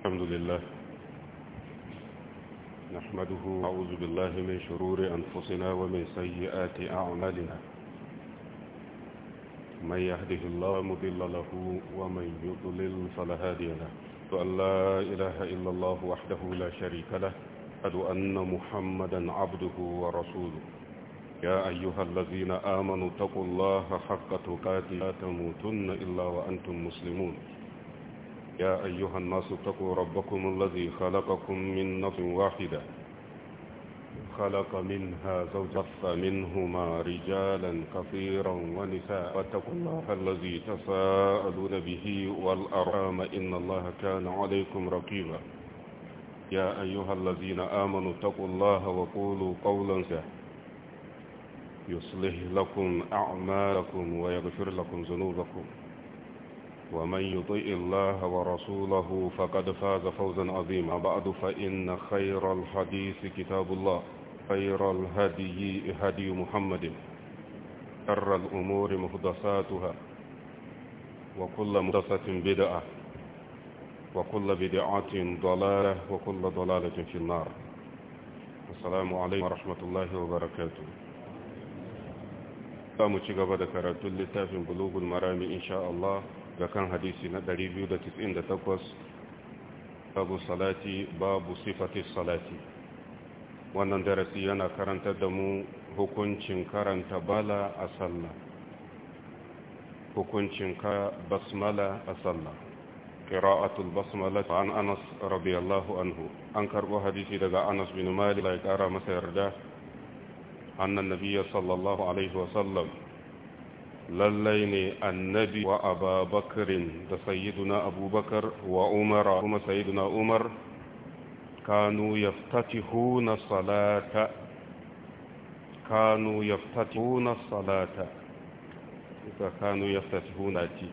الحمد لله نحمده أعوذ بالله من شرور أنفسنا ومن سيئات أعمالنا من يهده الله مضل له ومن يضلل فلا هادي له وأن لا إله إلا الله وحده لا شريك له أد أن محمدا عبده ورسوله يا أيها الذين آمنوا اتقوا الله حق تقاته لا تموتن إلا وأنتم مسلمون يا أيها الناس اتقوا ربكم الذي خلقكم من نفس واحدة خلق منها زوجة منهما رجالا كثيرا ونساء واتقوا الله الذي تساءلون به والأرحام إن الله كان عليكم رقيبا يا أيها الذين آمنوا اتقوا الله وقولوا قولا سهلا يصلح لكم أعمالكم ويغفر لكم ذنوبكم ومن يطئ الله ورسوله فقد فاز فوزا عظيما بعد فإن خير الحديث كتاب الله خير الهدي هدي محمد شر الأمور مهدساتها وكل مهدسة بدعة وكل بدعة ضلالة وكل ضلالة في النار السلام عليكم ورحمة الله وبركاته قاموا تشغب ذكرت للتافن بلوغ المرامي إن شاء الله ga kan hadisi na 298 babu salati babu sifatis salati wannan darasi yana karanta da mu hukuncin karanta bala a sallah hukuncin ka basmala a sallah qira'atul basmala an Anas radiyallahu anhu an karbo hadisi daga Anas bin Malik ya kara masa yarda annan nabiyyi sallallahu alaihi sallam. lallai ne annabi wa ababakarin da sayyiduna abubakar wa umara kuma sayyiduna umar kanu yaftatihuna salata kanu yaftatihuna salata suka kanu yaftatihuna ci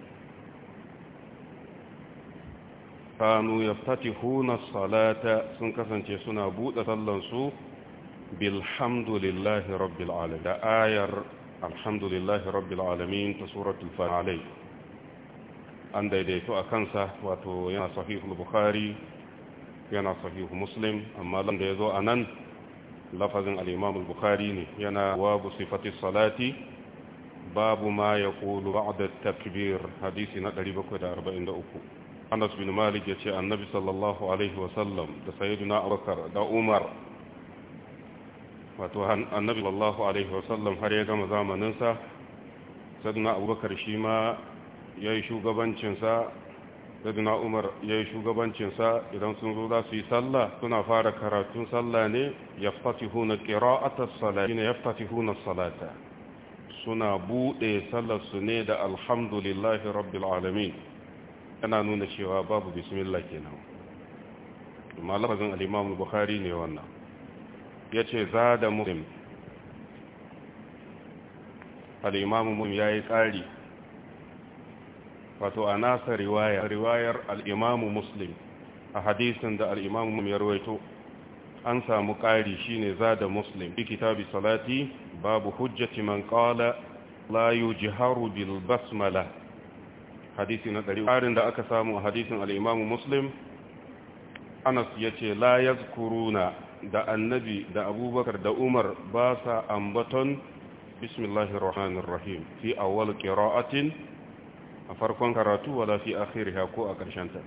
kanu yaftatihuna salata sun kasance suna buɗe sallansu bilhamdulillahi rabbil alamin da ayar الحمد لله رب العالمين تسورة الفان عليه أن ديديتو أكنسة واتو ينا صحيح البخاري ينا صحيح مسلم أما لم ديزو أنن لفظ الإمام البخاري ينا واب صفة الصلاة باب ما يقول بعد التكبير حديثنا قريبا كده أربعين دقوة أنس بن مالك يتي النبي صلى الله عليه وسلم دا سيدنا أبكر دا عمر wato annabi sallallahu alaihi wasallam har ya gama zamaninsa sadina abubakar shi ma ya yi shugabancinsa sadina umar ya yi shugabancinsa idan sun zo za su yi sallah suna fara karatun sallah ne ya fatihuna ƙira'atar salata ne ya salata suna buɗe sallarsu ne da alhamdulillahi rabbil alamin yana nuna cewa babu bismillah kenan malafazin al'imamu bukhari ne wannan ya ce za da muslim al'imamu muslim ya yi ƙari wato a nasa riwaya. riwayar al'imamu muslim a hadisin da al'imamu muslim ya ruwaito an samu ƙari shine za da muslim bi kitabi salati babu hujjati man qala la yujharu bil basmala hadisi na ɗari ƙarin da aka samu a hadisin al'imamu muslim anas ya ce la yazkuruna da annabi da abubakar da umar ba sa ambaton bismillahir rahmanir rahim fi awwal qira'atin a farkon karatu wala fi akhiriha ko a ƙarshen ta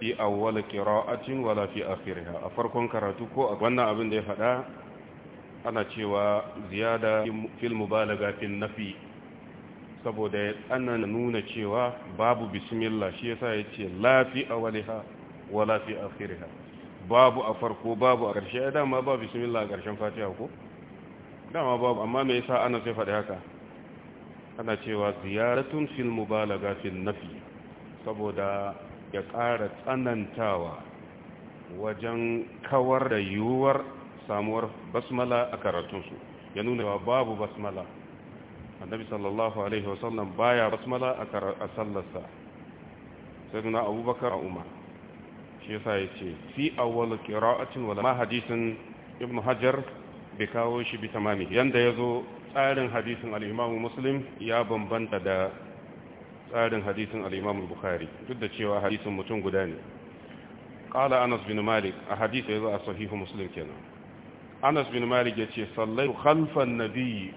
fi awwal qira'atin wala fi akhiriha a farkon karatu ko a wannan abin da ya faɗa ana cewa ziyada fil mubalaga fil nafi saboda ana nuna cewa babu bismillah shi yasa yace la fi awwaliha wala fi akhiriha babu a farko babu a ƙarshe ya dama ba bismillah a ƙarshen fatiha ko dama babu amma me yasa ana sai faɗi haka ana cewa ziyaratun fil mubalaga fil nafi saboda ya ƙara tsanantawa wajen kawar da yiwuwar samuwar basmala a karatunsu ya nuna cewa babu basmala annabi sallallahu alaihi wasallam baya basmala a sallarsa sai nuna abubakar a umar shi yasa ya ce fi awwal qira'atin wala ma hadisin ibnu hajar bai kawo shi bi tamami yanda yazo tsarin hadisin al-imam muslim ya bambanta da tsarin hadisin al-imam bukhari duk da cewa hadisin mutum guda ne qala anas bin malik a hadisi yazo a sahihu muslim kenan anas bin malik yace sallai khalfan nabiy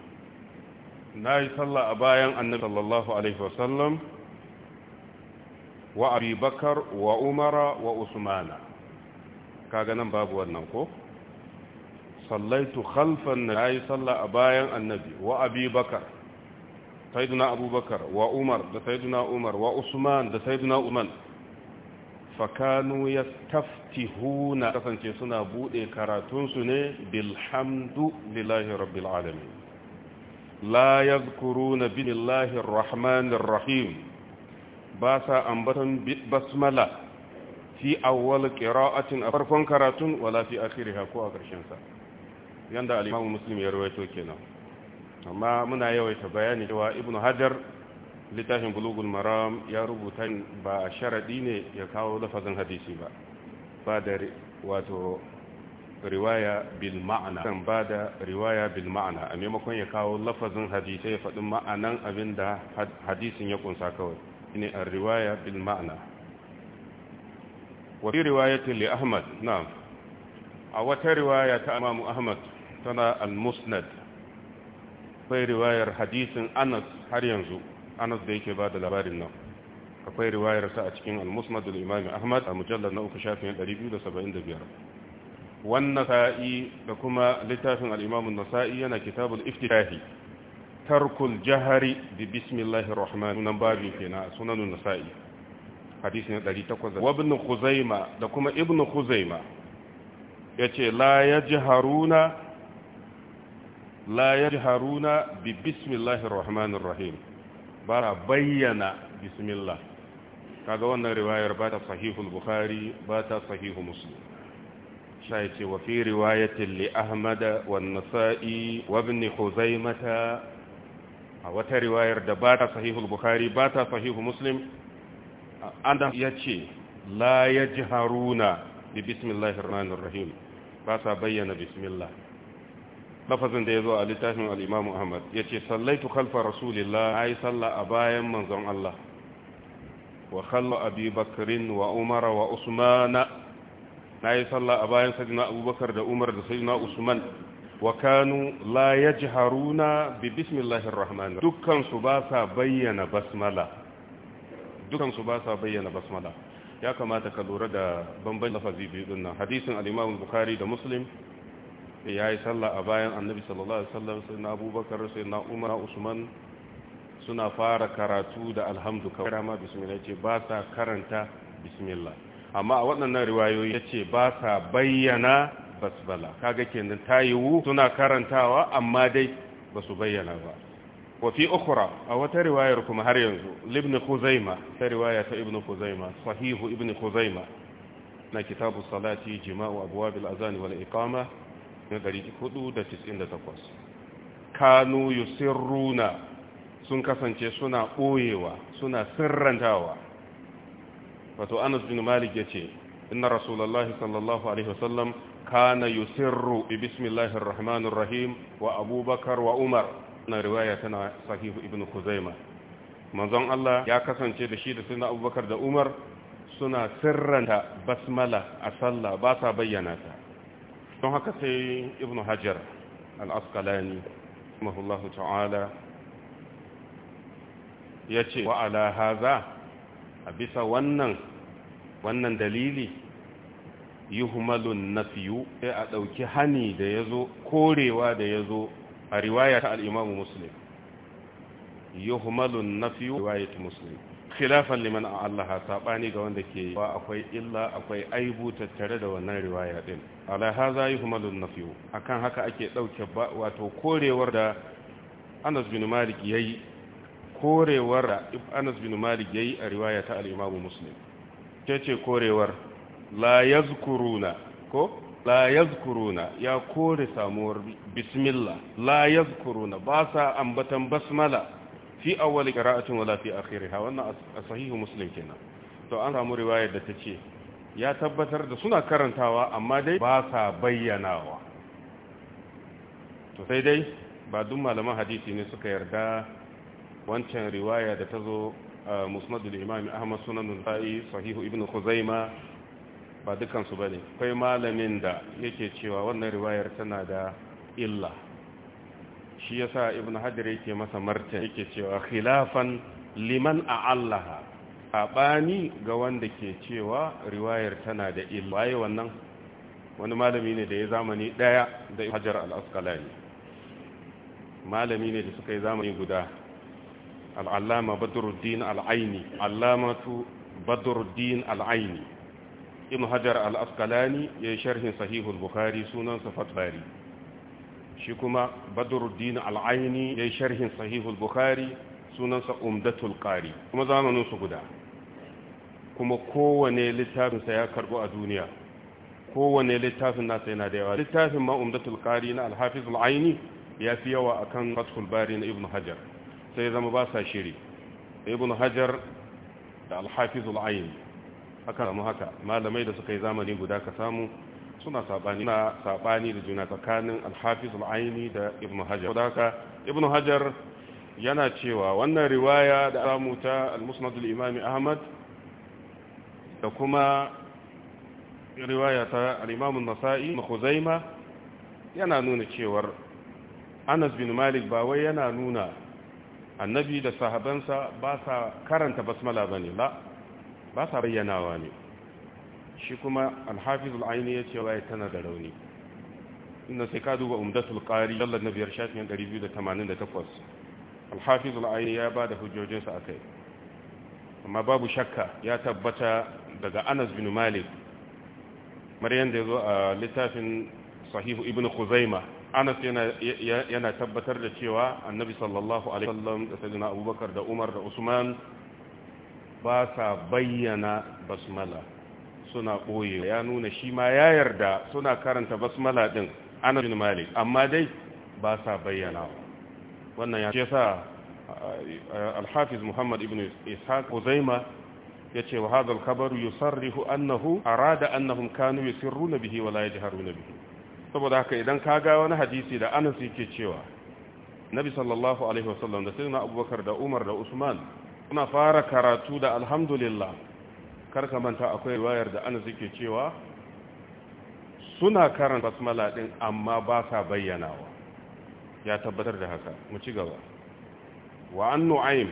nayi sallah a bayan annabi sallallahu alaihi wasallam wa abi bakar wa umara wa usmana kaga nan babu wannan ko sallaitu khalfan na yi salla a bayan annabi wa abi bakar sayyiduna abubakar wa umar da sayyiduna umar wa usman da sayyiduna uman fakanu ya taftihuna kasance suna bude su ne bilhamdu lillahi rabbil alamin la yadhkuruna billahi arrahmanir rahim ba sa ambaton basmala fi awwal qira'atin a farkon karatun wala fi akhiriha ko a karshen sa yanda al-Imam Muslim ya rawaito kenan amma muna yawaita bayani cewa Ibn Hajar littafin Bulughul Maram ya rubuta ba sharadi ne ya kawo lafazin hadisi ba ba da wato riwaya bil ma'ana kan ba da riwaya bil ma'ana a maimakon ya kawo lafazin hadisai faɗin ma'anan abinda hadisin ya kunsa kawai Ni a riwaya bil ma'ana wafi riwayatin li ahmad na'am a wata riwaya ta imamu ahmad tana al-musnad akwai riwayar hadisin anas har yanzu anas da yake ba da labarin nan akwai riwayar sa a cikin al-musnad al-imam ahmad a mujallar na uku shafin 275 wannan sa'i da kuma littafin al-imam an-nasa'i yana kitabul iftitahi tarkul jahari bi bismillahir rahman sunan babu kenan sunanun nasa'i hadisi na 800 wa ibn khuzaima da kuma ibn khuzaima yace la yajharuna la yajharuna bi bismillahir rahmanir rahim bara bayyana bismillah kaga wannan riwayar ba ta sahihul bukhari ba ta sahihu muslim sai ce wa fi riwayatin li ahmad wa nasai wa ibn khuzaimah a wata riwayar da ba ta sahihul bukhari ba ta sahihul muslim adam ya ce la ya ji haruna bi bismillahir rahmanir rahim ba sa bayyana bismillah lafazin da ya zo a littafin al'imamu ahmad ya ce sallaitu kalfa rasulillah a yi salla a bayan manzon Allah wa kallo abi bakirin wa umara wa usmana na yi salla a bayan sajina abubakar da umar da sajina usman wa kanu la yajharuna bi bismillahir rahmanir dukkan su ba sa bayyana basmala dukkan su ba sa bayyana basmala ya kamata ka lura da bambancin lafazi biyu din nan hadisin al-Imam Bukhari da Muslim eh, ya yi sallah a bayan Annabi sallallahu alaihi wasallam sai na Abubakar sai na Umar Usman suna fara karatu da alhamdu kawai rama bismillah ce ba sa karanta bismillah amma a waɗannan riwayoyi ce ba sa bayyana bala kaga kenan ta yiwu suna karantawa amma dai ba su bayyana ba wa a wata riwayar kuma har yanzu ibn khuzaima ta riwaya ta ibn khuzaima sahihu ibn khuzaima na kitabu salati jima'u abwab azan wal iqama na 498 kanu yusirruna sun kasance suna ɓoyewa suna sirrantawa wato anas bin malik ya ce inna rasulallah sallallahu alaihi wasallam kana yusirru bismillahir rahmanir wa abubakar wa umar na riwaya tana sahihu ibn kuzaima manzon Allah ya kasance da shi da sunna abubakar da umar suna sirranta basmala a sallah ba bayyana ta don haka sai ibn hajar al-asqalani rahimahullahu ta'ala wa a bisa wannan wannan dalili yuhmalun nafiyu sai a ɗauki hani da ya zo korewa da ya zo a riwaya ta al'imamu muslim yuhmalun nafiyu riwayat muslim khilafan liman a allaha saɓani ga wanda ke wa akwai illa akwai aibu tattare da wannan riwaya ɗin alahaza yuhmalun nafiyu akan haka ake ɗauke wato korewar da anas bin malik ya yi korewar da anas bin malik ya yi a riwaya ta al'imamu muslim ta ce korewar la yazkuruna ko la yazkuruna ya kore samuwar bismillah la yazkuruna ba sa ambatan basmala fi awwali qira'atin wala fi akhiriha wannan sahihu muslim kenan to an samu riwayar da tace ya tabbatar da suna karantawa amma dai ba sa bayyanawa to sai dai ba duk malaman hadisi ne suka yarda wancan riwaya da tazo musnadul imam ahmad sunan nasa'i sahihu ibnu khuzaimah ba dukansu ba ne akwai malamin da yake cewa wannan riwayar tana da illa shi sa ibn hajar yake masa marta yake cewa khilafan liman a Allah. saɓani ga wanda ke cewa riwayar tana da illa waye wannan wani malami ne da ya zamani ɗaya da hajar al'askalani malami ne da suka yi zamani guda al'allama badruddin al'aini allamatu badruddin al'aini ibn hajar al-asqalani ya yi sharhin sahihul bukhari sunansa fatbari shi kuma badruddin al-aini ya yi sharhin sahihul bukhari sunansa umdatul qari kuma zamanin su guda kuma kowane littafinsa ya karbo a duniya kowane littafin nasa yana da yawa littafin ma umdatul qari na al-hafiz al-aini ya fi yawa akan fathul bari na ibn hajar sai zama ba sa shiri ibn hajar da al-hafiz al-aini aka samu haka malamai da suka yi zamani guda ka samu suna sabani na sabani da juna tsakanin al-hafiz al-aini da ibnu hajar haka ibnu hajar yana cewa wannan riwaya da samu ta al-musnad al ahmad da kuma riwaya ta al-imam an-nasa'i da khuzaima yana nuna cewa Anas bin Malik ba wai yana nuna annabi da sahabansa ba sa karanta basmala bane la ba sa bayyanawa ne shi kuma alhafizul aini ya ce waye tana da rauni inda sai ka duba umdatul qari lallan na biyar shafin 288 alhafizul aini ya ba da hujjojinsa a kai amma babu shakka ya tabbata daga anas bin malik maryan da ya zo a littafin sahihu ibn khuzaima anas yana tabbatar da cewa annabi sallallahu alaihi wasallam da sayyidina abubakar da umar da usman ba sa bayyana basmala suna ɓoye ya nuna shi ma ya yarda suna karanta basmala ɗin ana malik amma dai ba sa bayyana wannan ya ce sa eh, alhafiz muhammad ibn ishaq uzaima ya ce wa hadal kabaru sarrihu annahu arada annahum kanu na bihi wa la na bihi saboda haka idan ka ga wani hadisi da anas yake cewa nabi sallallahu alaihi wasallam da sayyidina abubakar da umar da usman muna fara karatu da alhamdulillah karka manta akwai riwayar da ana suke cewa suna karanta basmala din amma ba sa bayyanawa ya tabbatar da haka mu ci gaba wa an nu'aym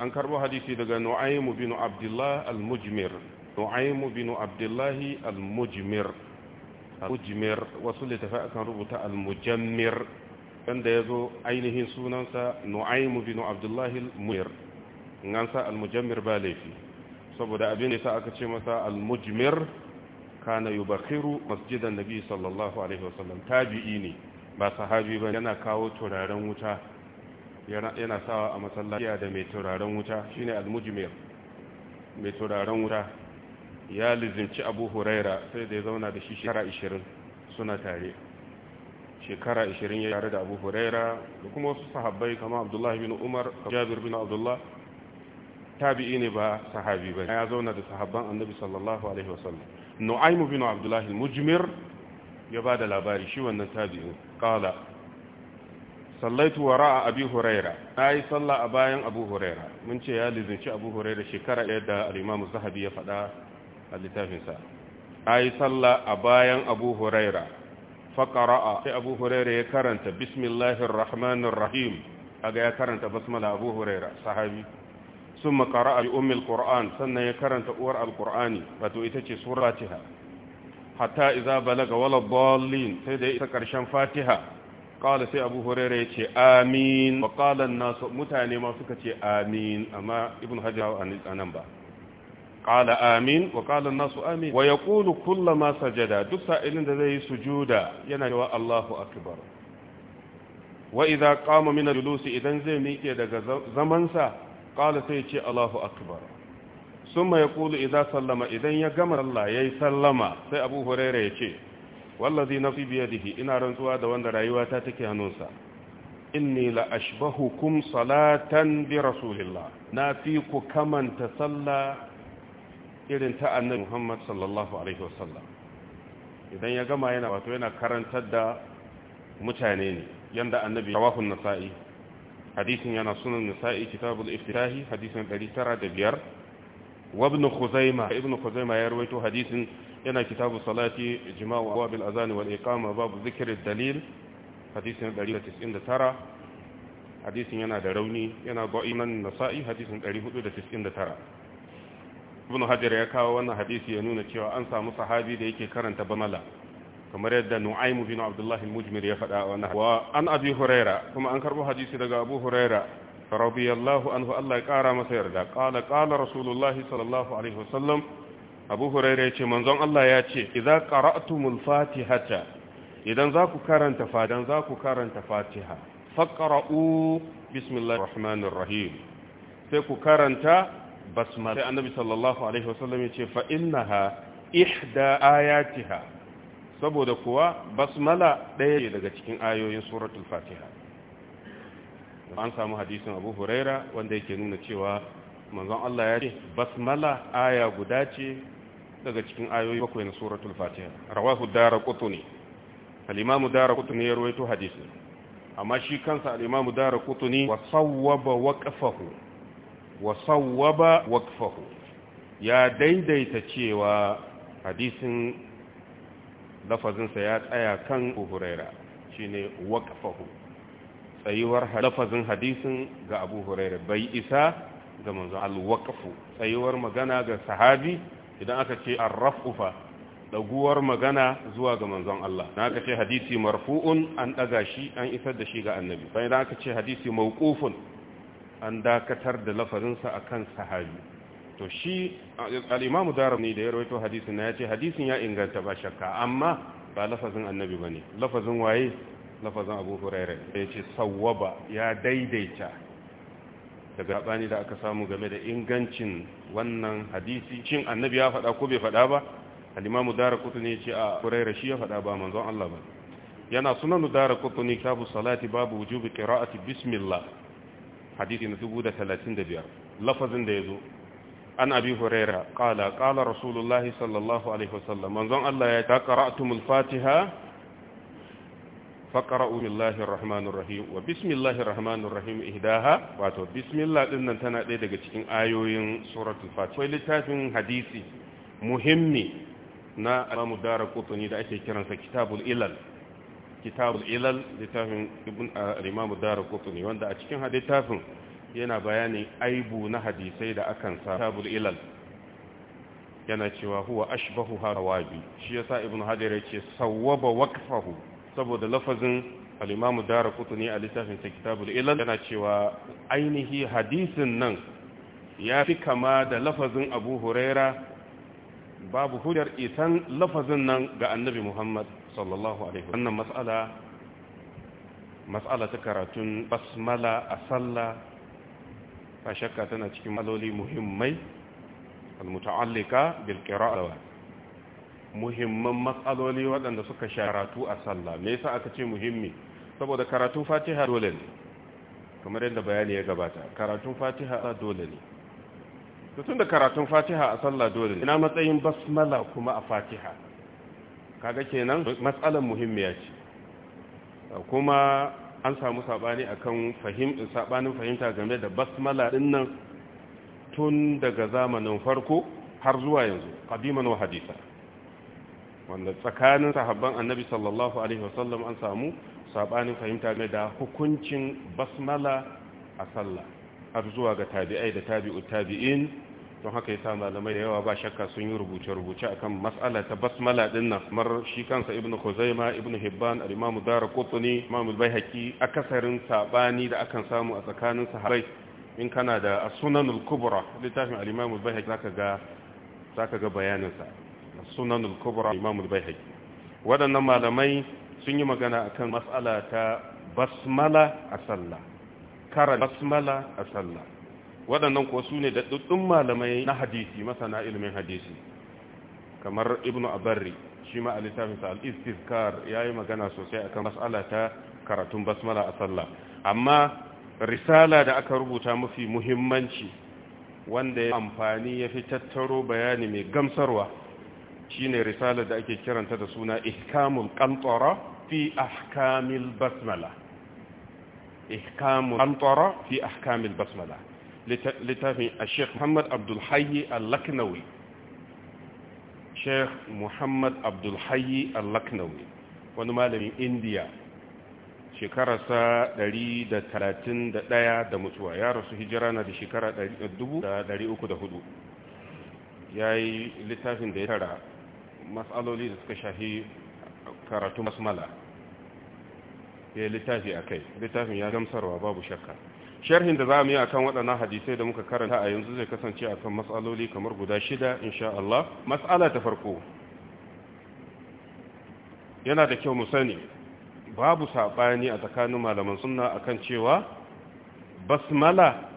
an karbo hadisi daga nu'aym bin abdullah al-mujmir nu'aym bin abdullah al-mujmir al-mujmir wasu littafi kan rubuta al-mujammir wanda yazo ainihin sunansa nu'aym bin abdullah al-mujmir in an sa almujammir ba laifi saboda abin da sa aka ce masa almujmir kana yubakhiru masjidan nabi sallallahu alaihi wasallam tabi'i ne ba sahabi ba yana kawo turaren wuta yana sawa a masallaci da mai turaren wuta shine almujmir mai turaren wuta ya lizimci abu huraira sai da ya zauna da shi shekara 20 suna tare shekara 20 ya tare da abu huraira da kuma wasu sahabbai kama abdullahi bin umar jabir bin abdullah tabi'i ne ba sahabi ba ya zauna da sahabban annabi sallallahu alaihi wasallam nu'aymu bin abdullahi al-mujmir ya ba da labari shi wannan tabi'in qala sallaitu wara'a abi huraira nayi sallah a bayan abu huraira mun ce ya lizinci abu huraira shekara ɗaya da al-imam zahabi ya faɗa a littafinsa ayi sallah a bayan abu huraira faqara'a sai abu huraira ya karanta bismillahir rahmanir rahim kaga ya karanta basmala abu huraira sahabi sun makara al'ummil ƙura'an sannan ya karanta uwar al'ur'ani wato ita ce suratiha hatta iza balaga wala bolin sai da ita ƙarshen fatiha ƙala sai abu hurera ya ce amin wa ƙalan nasu mutane ma suka ce amin amma ibn hajjar a nan ba ƙala amin wa ƙalan nasu amin wa ya ƙulu kulla ma sajada duk sa'ilin da zai yi sujuda yana yawa allahu akbar wa iza ƙama min julusi idan zai miƙe daga zamansa qala sai ce Allahu akbar summa yaqulu idza sallama idan ya gama Allah yayi sallama sai Abu Hurairah ya ce wallazi nafsi bi yadihi ina rantsuwa da wanda rayuwata take hannunsa inni la ashbahukum salatan bi rasulillah na fi ku kamanta sallah irin ta annabi Muhammad sallallahu alaihi wasallam idan ya gama yana wato yana karantar da mutane ne yanda annabi rawahun nasa'i hadisin yana sunan nisa'i kitabul iftitahi hadisin 905 wa ibn khuzaima ibn khuzaima ya rawaito hadisin yana kitabu salati jima'u awabil azan wal iqama babu zikri dalil hadisin 199 hadisin yana da rauni yana ga'iman nasa'i hadisin 499 ibn hajar ya kawo wannan hadisi ya nuna cewa an samu sahabi da yake karanta bamala kamar yadda nu'aymu bin abdullah al-mujmir ya fada wannan wa an abi huraira kuma an karbo hadisi daga abu huraira radiyallahu anhu Allah ya kara masa yarda qala qala rasulullahi sallallahu alaihi wasallam abu huraira yace manzon Allah ya ce idza qara'tumul fatihata idan za ku karanta fadan za ku karanta fatiha faqra'u bismillahir rahmanir rahim sai ku karanta basmala sai annabi sallallahu alaihi wasallam yace fa innaha ihda ayatiha saboda kuwa basmala ɗaya ne daga cikin ayoyin suratul fatiha an samu hadisin abu huraira wanda yake nuna cewa manzon Allah ya ce basmala aya guda ce daga cikin ayoyi bakwai na suratul fatiha rawahu daraqutni al-imamu daraqutni ya rawaito hadisin amma shi kansa al-imamu kutuni wa sawwaba waqfahu wa sawwaba waqfahu ya daidaita cewa hadisin lafazinsa ya tsaya kan huraira shine waqfahu tsayuwar lafazin hadisin ga abu huraira bai isa ga manzo al-waqfu tsayuwar magana ga sahabi idan aka ce ar rafufa daguwar magana zuwa ga manzon Allah na aka ce hadisi marfu'un an daga shi an isar da shi ga annabi bayan aka ce hadisi mawqufun an dakatar da lafazinsa akan sahabi to shi al'imamu ne da ya rawaito hadisin na ya ce hadisin ya inganta ba shakka amma ba lafazin annabi ba ne lafazin waye lafazin abu hurairu da ya ce sawwaba ya daidaita daga tsani da aka samu game da ingancin wannan hadisi cin annabi ya faɗa ko bai faɗa ba al'imamu darakutu ne ce a hurairu shi ya faɗa ba manzon Allah ba yana sunanu darakutu ne kitabu salati babu wujubi qira'ati bismillah hadisi na 1035 lafazin da ya zo an abi huraira qala qala rasulullahi sallallahu alaihi wasallam manzon Allah ya ta qara'tumul fatiha faqra'u billahi arrahmanir rahim wa bismillahir rahmanir rahim ihdaha wato bismillah din nan tana ɗaya daga cikin ayoyin suratul fatiha akwai littafin hadisi muhimmi na Imam Daraqutni da ake kiransa Kitabul Ilal Kitabul Ilal littafin Ibn Imam Daraqutni wanda a cikin haditafin yana bayanin aibu na hadisai da akan sa tabul ilal yana cewa huwa ashbahu harawabi shi sa ibn hajar ce sawwaba wakfahu saboda lafazin dara kutu ne a littafin sa kitabul ilal yana cewa ainihi hadisin nan ya fi kama da lafazin abu huraira babu hujjar isan lafazin nan ga annabi muhammad sallallahu alaihi wannan mas'ala mas'ala ta karatun basmala a sallah ba shakka tana cikin maloli muhimmai al-muta'allika bil qira'a muhimman matsaloli waɗanda suka sharatu a sallah me yasa aka ce muhimmi saboda karatun fatiha dole ne kamar yadda bayani ya gabata karatun fatiha a dole ne tutun da karatun fatiha a sallah dole ne ina matsayin basmala kuma a fatiha kaga kenan matsalan muhimmiya ce kuma an samu saɓani akan fahim saɓanin fahimta game da basmala din nan tun daga zamanin farko har zuwa yanzu qadiman wa hadisa wanda tsakanin sahabban annabi sallallahu alaihi wasallam an samu sabanin fahimta game da hukuncin basmala a sallah har zuwa ga tabi'ai da tabi'ut tabi'in don haka yasa malamai da yawa ba shakka sun yi rubuce-rubuce akan mas'ala ta basmala din nan kamar shi kansa Ibn khuzaima Ibn hibban al-imam darqutni imam al-baihaqi akasarin sabani da akan samu a tsakanin sahabbai in kana da as-sunan al-kubra littafin al-imam al-baihaqi zaka ga zaka ga bayanin sa as-sunan al-kubra imam al-baihaqi wadannan malamai sun yi magana akan mas'ala ta basmala a sallah kara basmala a sallah waɗannan kuwa su ne ɗuɗɗun malamai na hadisi masana ilimin hadisi kamar ibnu abarri shi ma a littafinsa al'istizkar ya yi magana sosai akan mas'ala ta karatun basmala a sallah amma risala da aka rubuta mafi muhimmanci wanda ya amfani ya fi tattaro bayani mai gamsarwa shine risala da ake kiranta da suna ihkamul qantara fi ahkamil basmala ihkamul qantara fi ahkamil basmala littafin a sheikh muhammad abdulhayi al-laknawi sheikh muhammad abdulhayi al-laknawi wani malamin indiya shekararsa 131 da mutuwa ya rasu hijira na da shekara 304 ya yi littafin da ya tara matsaloli da suka shafi karatu basmala ya yi littafi a kai littafin ya gamsarwa babu shakka sharhin da za mu yi akan waɗannan hadisai da muka karanta a yanzu zai kasance akan matsaloli kamar guda shida insha Allah matsala ta farko yana da kyau mu sani babu saɓani a tsakanin malaman sunna akan cewa basmala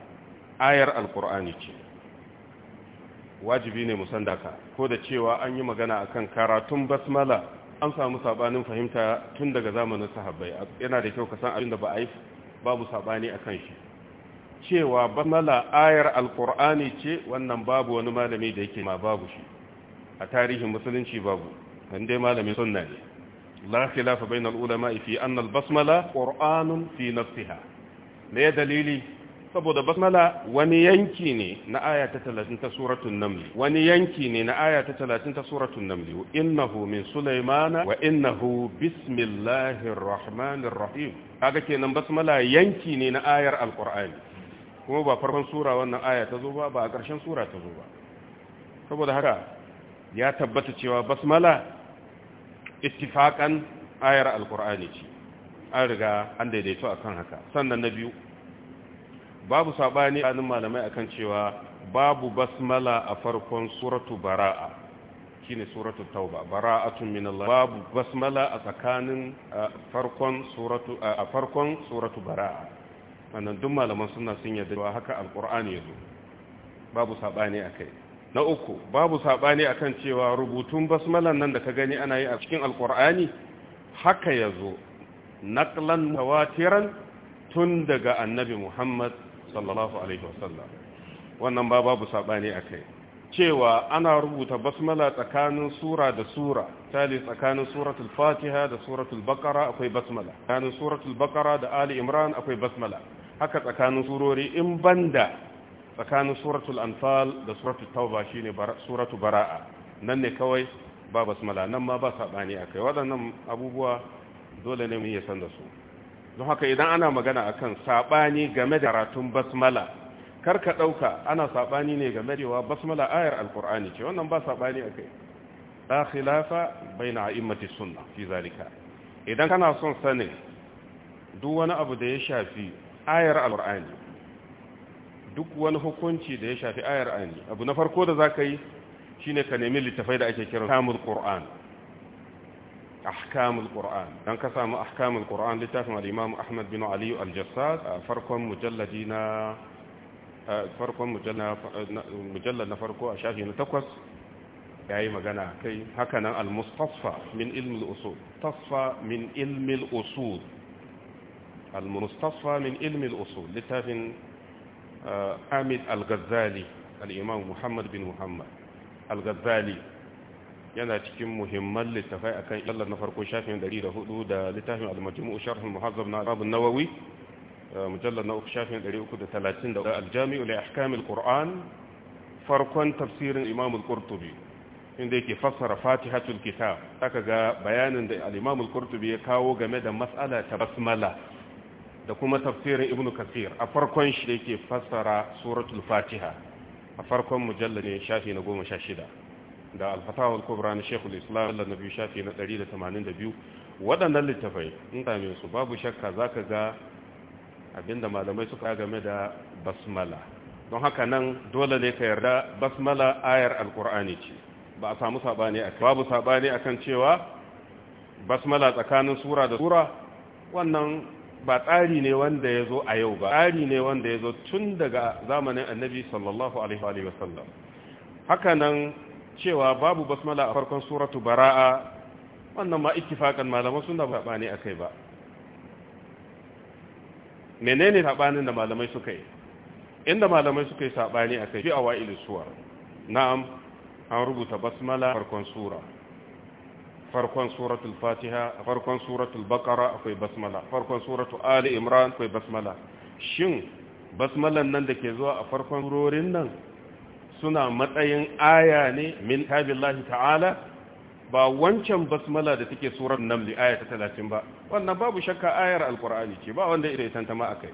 ayar alkur'ani ce wajibi ne mu san daka ko da cewa an yi magana akan karatun basmala an samu saɓanin fahimta tun daga zamanin sahabbai yana da kyau ka san abin da ba a babu saɓani akan shi cewa basmala ayar alkur'ani ce wannan babu wani malami da yake ma babu shi a tarihin musulunci babu wanda malami sunna ne la khilafa bainal ulama fi anna albasmala qur'anun fi nafsiha me dalili saboda basmala wani yanki ne na aya ta 30 ta suratul naml wani yanki ne na aya ta 30 ta suratul naml innahu min sulaymana wa innahu bismillahir rahmanir rahim kaga kenan basmala yanki ne na ayar alqur'ani kuma ba farkon sura wannan aya ta zo ba ba a ƙarshen sura ta zo ba saboda haka ya tabbata cewa basmala ittifaƙan ayar alqur'ani ce an riga an daidaito akan haka sannan na biyu babu sabani a malamai akan cewa babu basmala a farkon suratu bara'a shine suratu tauba bara'atun min babu basmala a tsakanin farkon suratu a farkon suratu bara'a wannan duk malaman suna sun yarda cewa haka alkur'ani yazo babu sabani akai na uku babu sabani akan cewa rubutun basmalan nan da ka gani ana yi a cikin alkur'ani haka yazo naqlan mutawatiran tun daga annabi Muhammad sallallahu alaihi wasallam wannan ba babu sabani akai cewa ana rubuta basmala tsakanin sura da sura misali tsakanin suratul fatiha da suratul bakara akwai basmala tsakanin suratul bakara da ali imran akwai basmala haka tsakanin surori in banda tsakanin suratul anfal da suratul tauba shine suratul bara'a nan ne kawai ba basmala nan ma ba sabani akai waɗannan abubuwa dole ne mu iya san da su don haka idan ana magana akan sabani game da karatun basmala karka dauka ana sabani ne game da basmala ayar alqur'ani ce wannan ba sabani akai la khilafa baina a'immati sunna fi zalika idan kana son sani duk wani abu da ya shafi ayar alqur'ani duk wani hukunci da ya shafi ayar alqur'ani abu na farko da zaka yi shine ka nemi littafai da ake kira kamul qur'an ahkamul qur'an dan ka samu ahkamul qur'an littafin al-imam ahmad bin ali al-jassas farkon mujalladi na farkon mujallad na farko a shafi na takwas ya yi magana kai hakanan al-mustasfa min ilmi usul tasfa min ilmi usul al-mustasfa min ilmi usul littafin uh, hamid al-ghazali al-imam muhammad bin muhammad al-ghazali yana cikin muhimman littafai akan illar na farko shafin 104 da littafin al-majmu'u sharh al-muhazzab na babu nawawi uh, mujallad na uku shafin 330 da al-jami'u li ahkam al-qur'an farkon tafsirin imam al-qurtubi inda yake fassara fatihatul kitab aka ga bayanin da al-imam al-qurtubi ya kawo game da mas'ala ta basmala da kuma tafsirin ibnu kasir a farkon shi yake fassara suratul fatiha a farkon mujalla ne shafi na 16 da al-fatawa al-kubra na Sheikhul islam al-nabi shafi na 182 waɗannan littafai in same su babu shakka zaka ga abinda malamai suka game da basmala don haka nan dole ne ka yarda basmala ayar alkur'ani ce ba a samu sabani a babu sabani akan cewa basmala tsakanin sura da sura wannan ba tsari ne wanda ya zo a yau ba tsari ne wanda ya zo tun daga zamanin annabi sallallahu alaihi wa sallam haka nan cewa babu basmala a farkon suratu bara'a wannan ma ittifakan malaman suna ba sabani akai ba menene sabanin da malamai suka yi inda malamai suka yi sabani akai fi awailu suwar na'am an rubuta basmala farkon sura farkon suratul fatiha farkon suratul baqara akwai basmala farkon suratul ali imran akwai basmala shin basmalan nan da ke zuwa a farkon surorin nan suna matsayin aya ne min tabillahi ta'ala ba wancan basmala da take surar namli aya ta 30 ba wannan babu shakka ayar alqur'ani ce ba wanda ire tantama akai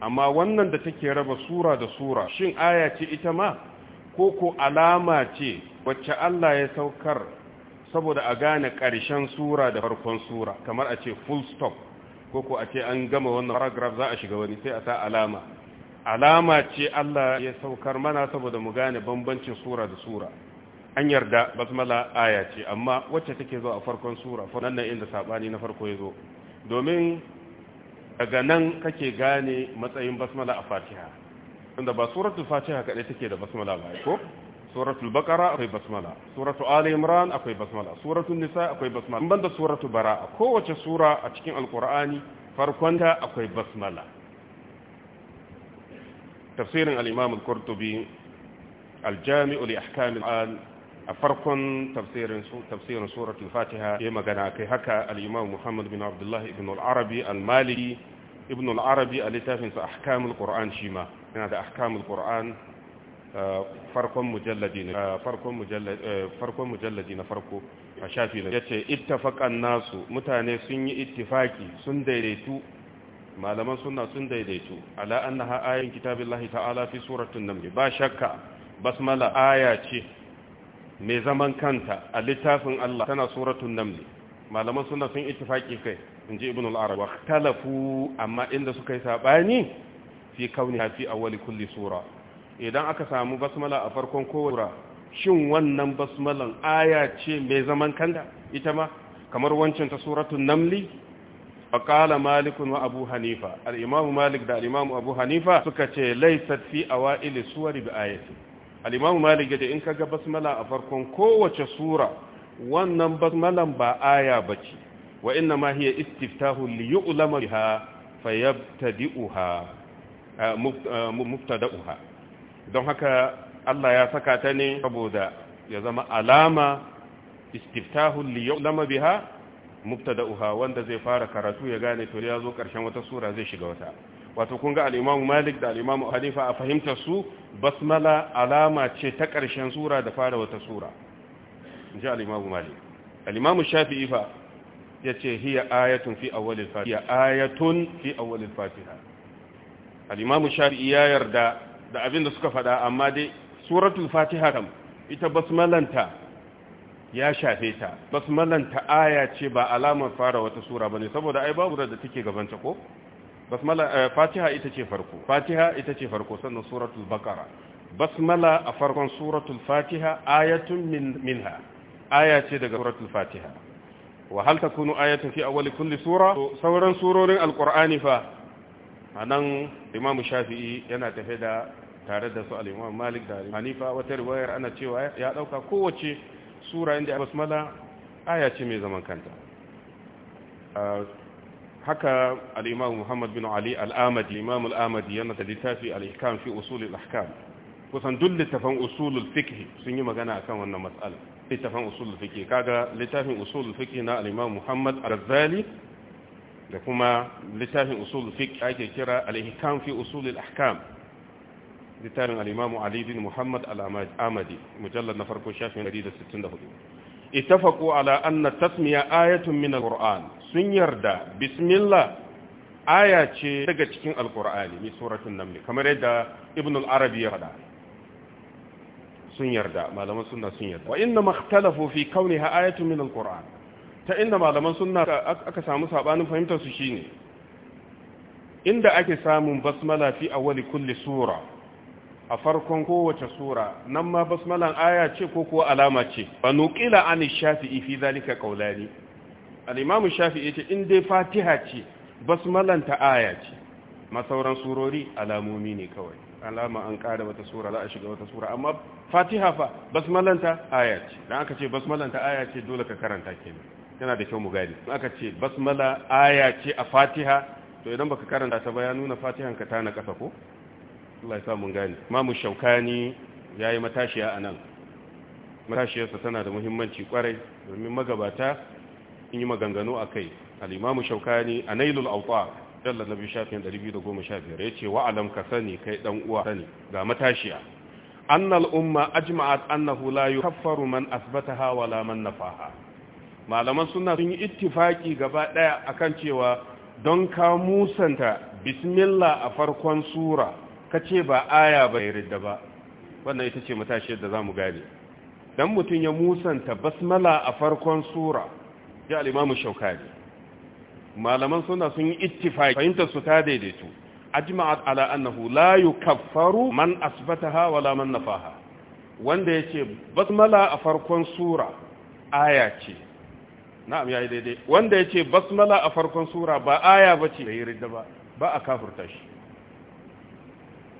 amma wannan da take raba sura da sura shin aya ce ita ma ko ko alama ce wacce Allah ya saukar saboda a gane ƙarshen sura da farkon sura kamar a ce full stop ko ko a ce an gama wannan paragraph za a shiga wani sai a sa alama alama ce Allah ya saukar mana saboda mu gane bambancin sura da sura an yarda basmala aya ce amma wacce take zo a farkon sura nan inda sabani na farko ya zo domin daga nan kake gane matsayin basmala a fatiha tunda ba suratul fatiha kaɗai take da basmala ba ko suratul baqara akwai basmala suratul ali imran akwai basmala suratul nisa akwai basmala ban da suratul bara kowace sura a cikin alqur'ani farkon ta akwai basmala tafsirin al-imam al-qurtubi al-jami'u li ahkam al a farkon tafsirin tafsirin suratul fatiha yayi magana akai haka al-imam muhammad bin abdullah ibn al-arabi al-maliki ibn al-arabi a littafinsa ahkamul qur'an shima yana da ahkamul qur'an eh, farkon mujalladi na eh, farkon mujalladi eh, farkon mujalladi na farko a shafi na yace ittafaqan nasu mutane sun yi ittifaki sun daidaitu malaman sunna sun daidaitu ala annaha ayatun kitabillahi ta'ala fi suratul naml ba shakka basmala aya ce mai zaman kanta a littafin Allah tana suratul namli malaman sunna sun ittifaki kai inji ibn al-arab wa ikhtalafu amma inda suka yi sabani fi kauniha fi wali kulli sura idan aka samu basmala a farkon kowace sura, shin wannan basmalan aya ce mai zaman kanta ita ma kamar wancan ta suratul namli faqala malik wa abu hanifa al-imam malik da al-imam abu hanifa suka ce laysat fi awail suwari bi ayati al-imam malik yace in kaga basmala a farkon kowace sura wannan basmalan ba aya bace wa inna ma hiya istiftahu li yu'lama biha fayabtadi'uha mubtada'uha don haka Allah ya saka ta ne saboda ya zama alama istiftahul li yu'lama biha mubtada'uha wanda zai fara karatu ya gane to ya zo karshen wata sura zai shiga wata wato kun ga al-Imam Malik da al-Imam Hanifa a fahimtar su basmala alama ce ta karshen sura da fara wata sura inji al-Imam Malik al-Imam Shafi'i fa yace hiya ayatun fi awwalil fatiha hiya ayatun fi awwalil fatiha Alimamu imamu shari'i ya yarda da abin da suka faɗa amma dai suratul fatiha kam ita basmalanta ya shafe ta basmalanta aya ce ba alamar fara wata sura ba ne saboda ai babu da take gabanta ko eh, fatiha ita ce farko fatiha ita ce farko sannan suratul Bakara basmala a farkon suratul fatiha ayatun minha aya ce daga suratul fatiha wa hal takunu ayatun fi awwali kulli sura sauran surorin alqur'ani fa a nan imamu shafi'i yana tafe da tare da su al'imam malik da hanifa wata riwayar ana cewa ya ɗauka kowace sura inda ya basmala aya ce mai zaman kanta haka al'imam muhammad bin ali al'amadi imam al'amadi yana da littafi al'ikam fi usulul ahkam kusan duk littafan usulul fiqh sun yi magana akan wannan matsala usul usulul fiqh kaga littafin usulul fiqh na al'imam muhammad al-ghazali da kuma littafin usul fiqh ake kira al-ihkam fi usul al-ahkam littafin al-imam Ali bin Muhammad al-Amadi mujallad na farko shafin 164 ittafaqu ala anna tasmiya ayatun min al-Qur'an sun yarda bismillah aya ce daga cikin al-Qur'ani mi suratul naml kamar yadda Ibn al-Arabi ya faɗa sun yarda malaman sunna sun yarda wa inna makhtalafu fi kauniha ayatun min al-Qur'an ta inda malaman sunna aka samu sabanin fahimtar su shine inda ake samun basmala fi awwali kulli sura a farkon kowace sura nan ma basmalan aya ce ko kuwa alama ce fa nuqila an shafi'i fi zalika qawlani al-imam shafi'i yace in dai fatiha ce basmalan ta aya ce ma sauran surori alamomi ne kawai alama an kada wata sura za a shiga wata sura amma fatiha fa basmalanta aya ce dan aka ce basmalanta aya ce dole ka karanta kenan yana da kyau mu gani aka ce basmala aya ce a fatiha to idan baka karanta ta ba ya nuna fatihan ka ta na kasa ko Allah ya sa mun gani mamu shaukani yayi matashiya anan matashiyarsa tana da muhimmanci kwarai domin magabata in yi maganganu a kai al'imamu shaukani a nailul auta dallar nabi shafin 215 ya ce wa'alam ka sani kai ɗan uwa sani ga matashiya annal umma ajma'at annahu la yukaffaru man asbataha wala man nafaha malaman suna sun yi ittifaki gaba daya akan cewa don ka musanta bismillah a farkon sura kace ba aya ba yarda ba wannan ita ce matashi da zamu gane dan mutun ya musanta basmala a farkon sura ya al-imamu shaukani malaman suna sun yi ittifaki fahimtar su ta daidaito ajma'at ala annahu la yukaffaru man asbataha wala man nafaha wanda yace basmala a farkon sura aya ce na'am yayi daidai wanda yace basmala a farkon sura ba aya bace bai ridda ba ba a kafurta shi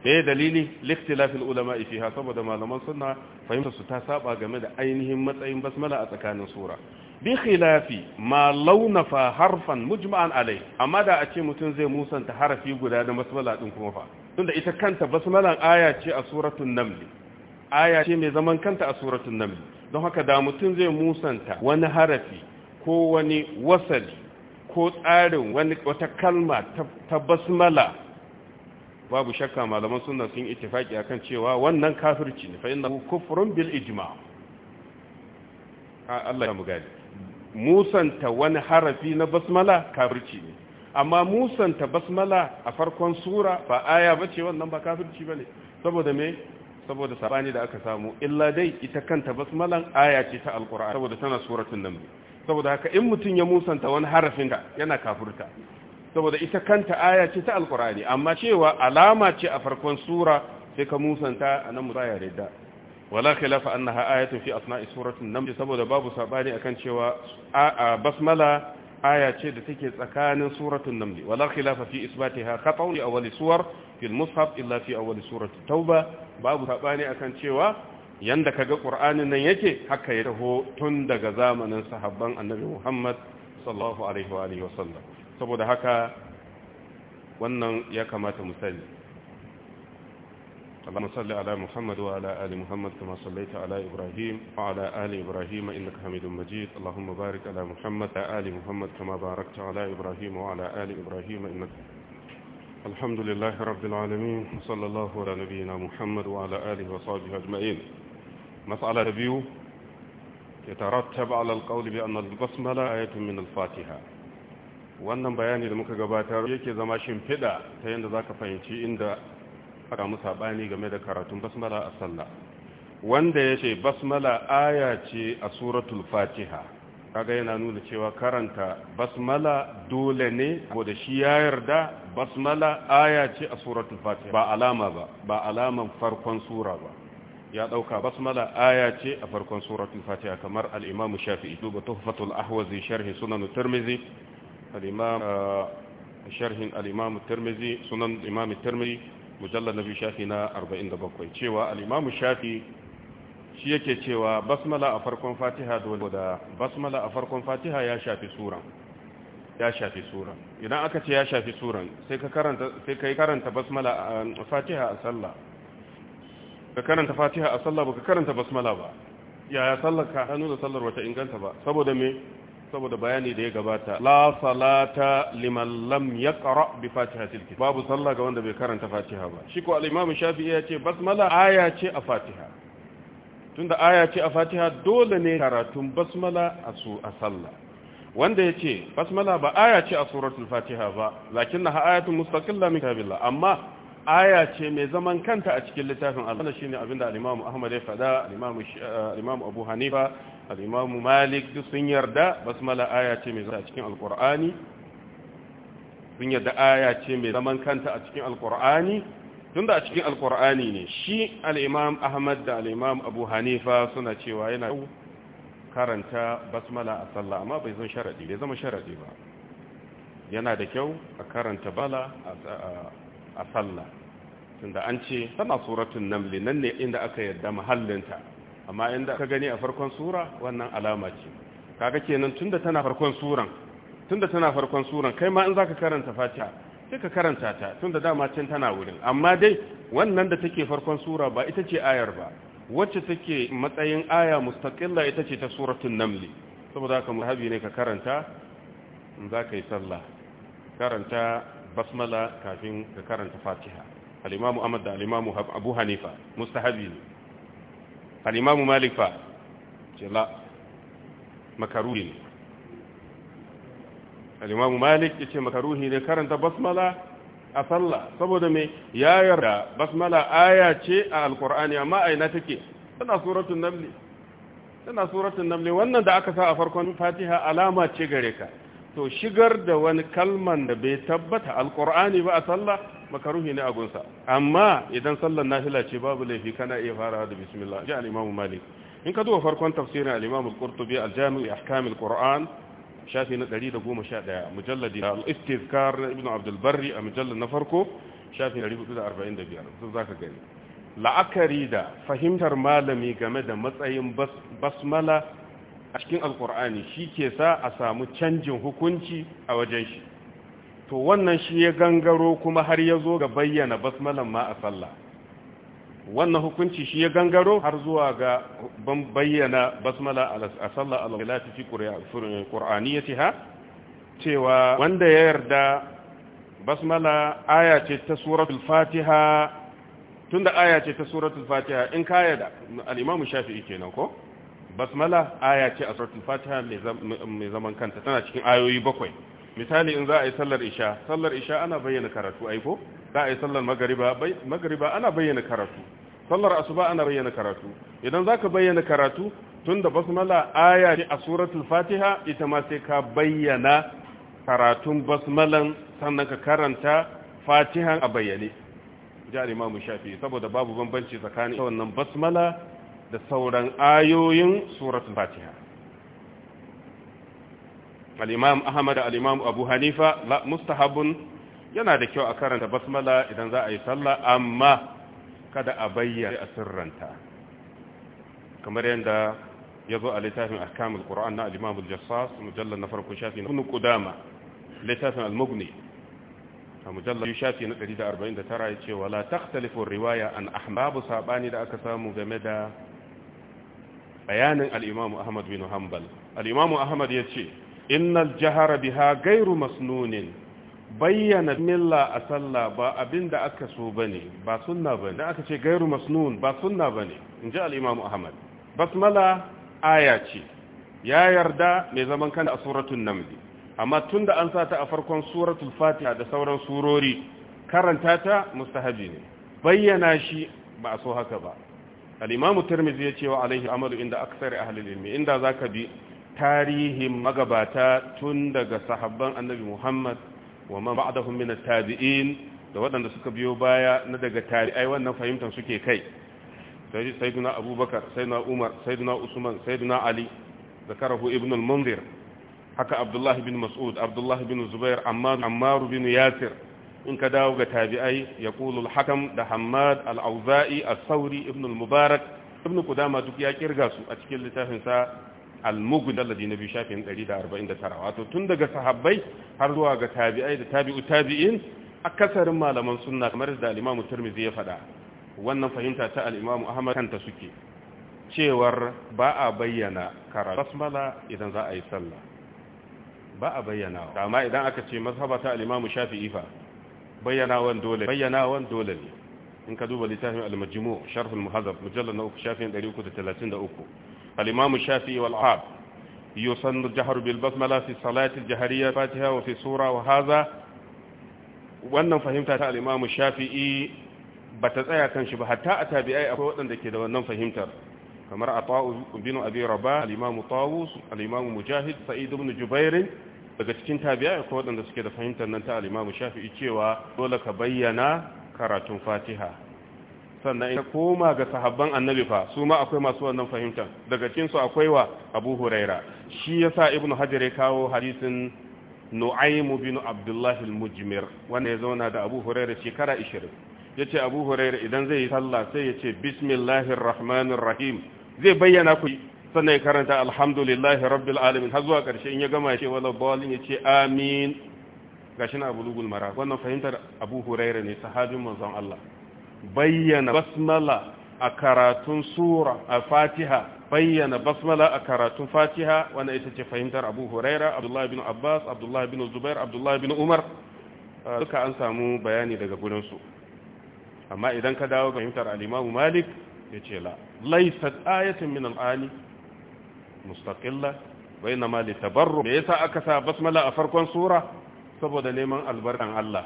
eh dalili liktilafil ulama fiha saboda malaman sunna fahimta su ta saba game da ainihin matsayin basmala a tsakanin sura bi khilafi ma launafa harfan mujma'an alai amma da a ce mutum zai musanta harafi guda da basmala din kuma fa tunda ita kanta basmalan aya ce a suratul naml aya ce mai zaman kanta a suratul naml don haka da mutum zai musanta wani harafi ko wani wasali ko tsarin wani wata kalma ta basmala babu shakka malaman sunna sun ittifaki akan cewa wannan kafirci ne fa innahu kufrun bil ijma' Allah ya mu musanta wani harafi na basmala kafirci ne amma musanta basmala a farkon sura ba aya bace wannan ba kafirci bane saboda me saboda sabani da aka samu illa dai ita kanta basmalan aya ce ta alqur'ani saboda tana suratul naml saboda haka in mutum ya musanta wani harafin da yana kafurta saboda ita kanta aya ce ta alkur'ani amma cewa alama ce a farkon sura sai ka musanta anan muzaya ridda wala khilafa annaha ayatun fi asna'i suratin naml saboda babu sabani akan cewa a basmala aya ce da take tsakanin suratul naml wala khilafa fi isbatiha khata'u li awwal suwar fil mushaf illa fi awwal surati tauba babu sabani akan cewa yanda ka ga ƙur'ani nan yake haka ya taho tun daga zamanin sahabban annabi muhammad sallallahu alaihi wa alihi saboda haka wannan ya kamata mu sani Allahumma salli muhammad kama sallaita ala ibrahim wa ala ali ibrahim innaka hamidum majid Allahumma barik ala muhammad wa ali muhammad kama barakta ala ibrahim wa ala ali ibrahim innaka الحمد لله رب العالمين صلى الله على نبينا محمد وعلى آله وصحبه أجمعين مسألة ربيو يترتب على القول بأن البسملة آية من الفاتحة wannan bayani da muka gabata yake zama shimfiɗa ta yadda za ka fahimci inda aka musa bani game da karatun basmala a sallah wanda ya ce basmala aya ce a suratul fatiha kaga yana nuna cewa karanta basmala dole ne aboda shi ya yarda basmala aya ce a suratul fatiha ba alama ba ba alaman farkon sura ba ya ɗauka basmala aya ce a farkon suratul fatiha kamar al-imam shafi'i duba tuhfatul ahwazi sharhi sunan tirmidhi al-imam uh, sharhin al-imam tirmidhi sunan imam tirmidhi mujallal nabi shafi na 47 cewa al shafi shi yake cewa basmala a farkon fatiha dole da basmala a farkon fatiha ya shafi suran ya shafi suran idan aka ce ya shafi suran sai ka karanta sai kai karanta basmala a uh, fatiha a sallah ka karanta fatiha a sallah ba ka karanta basmala ba yaya sallar ka hannu da sallar wata inganta ba saboda me saboda bayani da ya gabata la salata liman lam yaqra bi fatihatil kitab babu sallah ga wanda bai karanta fatiha ba shi ko al-imam shafi'i ya ce basmala aya ce a fatiha tunda aya ce a fatiha dole ne karatun basmala a su a sallah wanda ya ce basmala ba aya ce a suratul fatiha ba lakinnaha ayatun mustaqilla min kitabillah amma aya ce mai zaman kanta a cikin littafin alwala shine abinda al-Imam Ahmad ya fada eh, al-Imam Abu Hanifa al-Imam Malik sun yarda basmala aya ce mai zaman cikin al sun yarda aya ce mai zaman kanta a cikin al tun da a cikin al ne shi al-Imam Ahmad da al-Imam Abu Hanifa suna cewa yana karanta basmala a sallah amma bai zama sharadi bai zama sharadi ba yana da kyau a karanta bala a sallah tunda an ce tana suratun namli nan ne inda aka yarda mahallinta amma inda aka gani a farkon sura wannan alama ce kaga kenan tunda tana farkon suran tunda tana farkon suran kai ma in zaka karanta fatiha sai ka karanta ta tunda dama cin tana wurin amma dai wannan da take farkon sura ba ita ce ayar ba wacce take matsayin aya mustaqilla ita ce ta suratun namli saboda haka habi ne ka karanta in zaka yi sallah karanta basmala kafin ka karanta fatiha al'imamu ahmad da al'imamu abu hanifa mustahabi al'imamu malik fa al'imamu malik ya ce makaruhi ne karanta basmala a sallah saboda mai ya yarda basmala aya ce a alkur'ani amma aina take tana suratun namli tana namli wannan da aka sa a farkon fatiha alama ce gare ka to shigar da wani kalman da bai tabbata alkur'ani ba a sallah makaruhi ne a gunsa amma idan sallar nafila ce babu laifi kana iya farawa da bismillah ji al-imamu malik in ka duba farkon tafsirin al-imamu al-qurtubi al-jami' ahkam al-qur'an shafi na 111 mujalladi al-istizkar na abd al barri a mujallad na farko shafi 445 sun zaka gani la'akari da fahimtar malami game da matsayin basmala a cikin alkur'ani shi ke sa a samu canjin hukunci a wajen shi to wannan shi ya gangaro kuma har ya zo ga bayyana basmalan ma a sallah wannan hukunci shi ya gangaro har zuwa ga ban bayyana basmala a sallah alwalati fi ha cewa wanda ya yarda basmala aya ce ta suratul fatiha tunda aya ce ta suratul fatiha in ka yarda al-imamu shafi'i kenan ko basmala aya ce a suratul fatiha mai zaman kanta tana cikin ayoyi bakwai misali in za a yi sallar isha sallar isha ana bayyana karatu ai ko za a yi sallar magariba magariba ana bayyana karatu sallar asuba ana bayyana karatu idan za ka bayyana karatu tun da basmala aya ce a suratul fatiha ita ma sai ka bayyana karatun basmalan sannan ka karanta Fatiha a bayyane jari imamu shafi saboda babu bambanci tsakanin wannan basmala da sauran ayoyin suratul fatiha al-imam ahmad al-imam abu hanifa la mustahabun yana da kyau a karanta basmala idan za a yi sallah amma kada a bayyana a sirranta. kamar yadda ya zo a littafin ahkamul qur'an na al-imam al-jassas mujallal na farko shafi na qudama littafin al-mughni a mujallar shafi na 149 ya ce wala takhtalifu riwaya an ahbabu sabani da aka samu game da bayanin al'imamu ahmad bin hanbal al'imamu ahmad ya ce innal jahara biha gairu masnunin bayyana milla a sallah ba abin da aka so ba ne ba suna ba ne aka ce gairu masnun ba suna ba ne in ji al'imamu ahmad basmala aya ce ya yarda mai zaman kan a suratun namdi amma tun da an sa ta a farkon suratul fatiha da sauran surori karanta ta mustahabi ne bayyana shi ba a so haka ba al-imamu ya ce wa alaihi amalu inda aksari ahli ilmi inda ka bi tarihin magabata tun daga sahabban annabi Muhammad wa man tabiin da waɗanda suka biyo baya na daga tabi'ai wannan fahimtar suke kai sai sayyiduna abubakar sayyiduna umar sayyiduna usman sayyiduna ali zakarahu ibn al haka abdullahi bin mas'ud abdullahi bin zubair amma bin yasir in ka dawo ga tabi'ai ya kulul hakam da hamad al'auza'i a sauri ibn mubarak ibn kudama duk ya kirga su a cikin littafinsa al-mugu dalladi na biyu shafin 149 wato tun daga sahabbai har zuwa ga tabi'ai da tabi'u tabi'in akasarin malaman sunna kamar da al-imamu tirmidhi ya faɗa wannan fahimta ta al-imamu ahmad kanta suke cewar ba a bayyana karatu basmala idan za a yi sallah ba a bayyana amma idan aka ce mazhabata al-imamu shafi'i fa bayyanawan dole bayyanawan dole ne in ka duba littafin al-majmu sharh al-muhazzab mujallad na uku shafin 333 al-imam shafi'i wal ahad yusannu al-jahru bil basmala fi salati al-jahriyya fatiha wa fi sura wa hadha wannan fahimta ta al-imam shafi'i bata tsaya kan shi ba hatta a tabi'ai akwai waɗanda ke da wannan fahimtar kamar ata'u bin abi rabah al-imam tawus al-imam mujahid sa'id ibn jubair daga cikin tabi'a ko waɗanda suke da fahimtar nan ta alimamu shafi'i cewa dole ka bayyana karatun fatiha sannan ita koma ga sahabban annabi fa su ma akwai masu wannan fahimtar daga cikinsu akwai wa abu huraira shi ya sa ibnu hajar ya kawo hadisin nu'aimu bin abdullahi al-mujmir wanda ya zauna da abu huraira shekara 20 yace abu huraira idan zai yi sallah sai yace bismillahir rahmanir rahim zai bayyana ku sannan ya karanta alhamdulillahi rabbil alamin har zuwa karshe in ya gama shi ce wala balin ya ce amin gashi na abu lugul mara wannan fahimtar abu huraira ne sahabin manzon Allah bayyana basmala a karatun sura a fatiha bayyana basmala a karatun fatiha wannan ita ce fahimtar abu huraira abdullah bin abbas abdullah bin zubair abdullah bin umar ah, duka an samu bayani daga gurinsu amma idan ka dawo fahimtar al-imam malik ya ce la laysat ayatun min al-ali mustaqilla wa inna ma litabarru me yasa aka sa basmala a farkon sura saboda neman albarkan Allah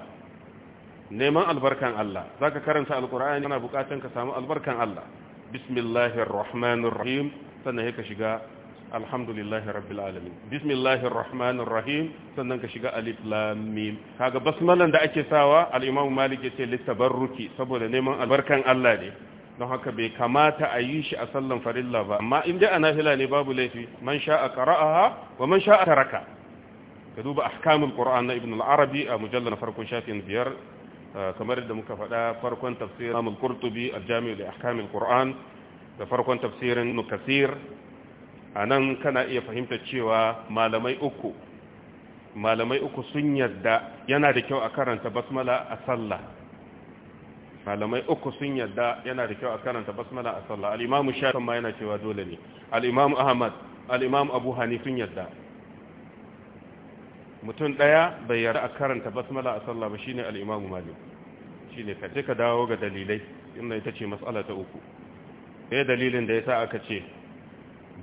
neman albarkan Allah za ka karanta alqur'ani kana bukatan ka samu albarkan Allah bismillahir rahmanir rahim sannan ka shiga alhamdulillahi rabbil alamin bismillahir rahmanir rahim sannan ka shiga alif Lamim. mim kaga basmalan da ake sawa al-imam malik yace litabarruki saboda neman albarkan Allah ne don haka bai kamata a yi shi a sallan farilla ba amma in dai a nafila ne babu laifi man sha'a qara'aha wa man sha'a taraka ka duba ahkamul qur'an na ibn al'arabi a a na farkon shafin biyar eh, kamar da muka faɗa farkon tafsirin Imam al-Qurtubi al-Jami' li Qur'an da farkon tafsirin Ibn a anan kana iya fahimta cewa malamai uku malamai uku sun yarda yana da kyau a karanta basmala a sallah malamai uku sun yadda yana da kyau a karanta basmala a sallah al-imamu shafi ma yana cewa dole ne al-imamu ahmad al-imamu abu hani sun yadda mutum daya bai yarda a karanta basmala a sallah ba shine al-imamu malik shine ka ka dawo ga dalilai inda ita ce matsala ta uku sai dalilin da ya sa aka ce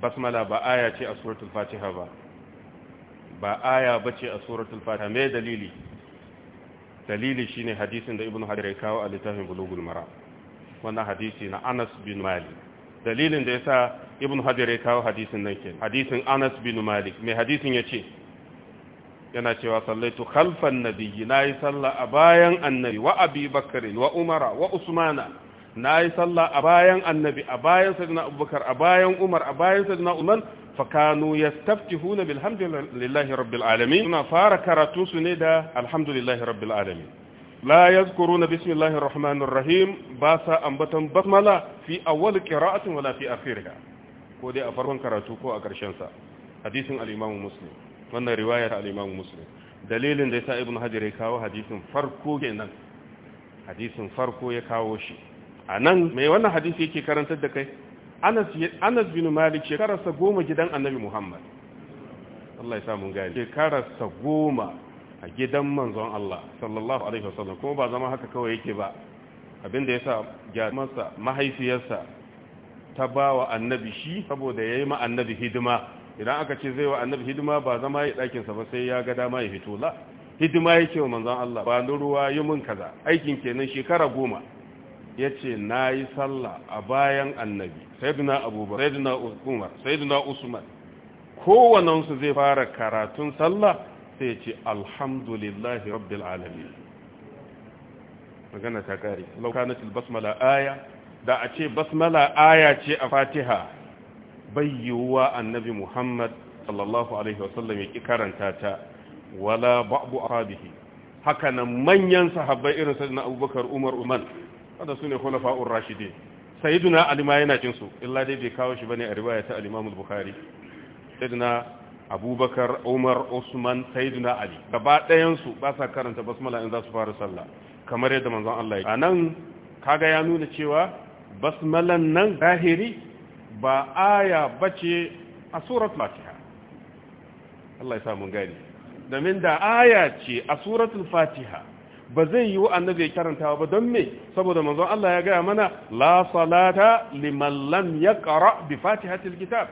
basmala ba aya ce a suratul fatiha ba ba aya bace a suratul fatiha me dalili dalili shine hadisin da ibnu hajar ya kawo a littafin bulugul mara wannan hadisi na anas bin malik dalilin da yasa ibnu hajar ya kawo hadisin nan kenan hadisin anas bin malik mai hadisin yace yana cewa sallaitu khalfan nabiyyi nayi sallah a bayan annabi wa abi bakr wa umara wa usmana nayi sallah a bayan annabi a bayan sayyidina abubakar a bayan umar a bayan sayyidina umar fakanu ya yastaftihuna bilhamdulillahi rabbil alami suna fara karatu su ne da alhamdulillahi rabbil alamin la yazkuruna bismillahir rahmanir rahim ba sa ambaton basmala fi awwal qira'atin wala fi akhiriha ko dai a farkon karatu ko a karshen sa hadisin al-imam muslim wannan riwayar al-imam muslim dalilin da ya sa ibnu hajar ya kawo hadisin farko kenan hadisin farko ya kawo shi a nan mai wannan hadisi yake karantar da kai anas bin malik shekararsa goma gidan annabi muhammad Allah ya gani shekararsa goma a gidan manzon Allah sallallahu alaihi wasallam kuma ba zama haka kawai yake ba abinda gyara masa mahaifiyarsa ta bawa annabi shi saboda yayi ma annabi hidima idan aka ce zai wa annabi hidima ba zama ya dakin sa ba sai ya ga dama ya fito la hidima yake wa manzon Allah ba ruwa yi mun kaza aikin kenan shekara goma ya ce na yi sallah a bayan annabi saiduna abubakar saiduna umar saiduna usman kowanensu zai fara karatun sallah sai ce alhamdulillahi rabbil alamin magana ta kare laukanatul basmala aya da a ce basmala aya ce a fatiha bayyuwa annabi muhammad sallallahu alaihi wasallam ya ki karanta ta wala ba'bu arabihi haka nan manyan sahabbai irin sayyidina abubakar umar umar wanda su ne khulafa'ur rashidi sayyiduna ali ma yana cin su illa dai bai kawo shi bane a riwaya ta al-imam al-bukhari abubakar umar usman sayyiduna ali gaba ɗayan su ba sa karanta basmala in za su fara sallah kamar yadda manzon Allah ya nan kaga ya nuna cewa basmalan nan zahiri ba aya bace a suratul fatiha Allah ya sa mun gani domin da aya ce a suratul fatiha ba zai yi annabi ya karanta ba don me saboda manzon Allah ya gaya mana la salata liman lam yaqra bi fatihatil kitab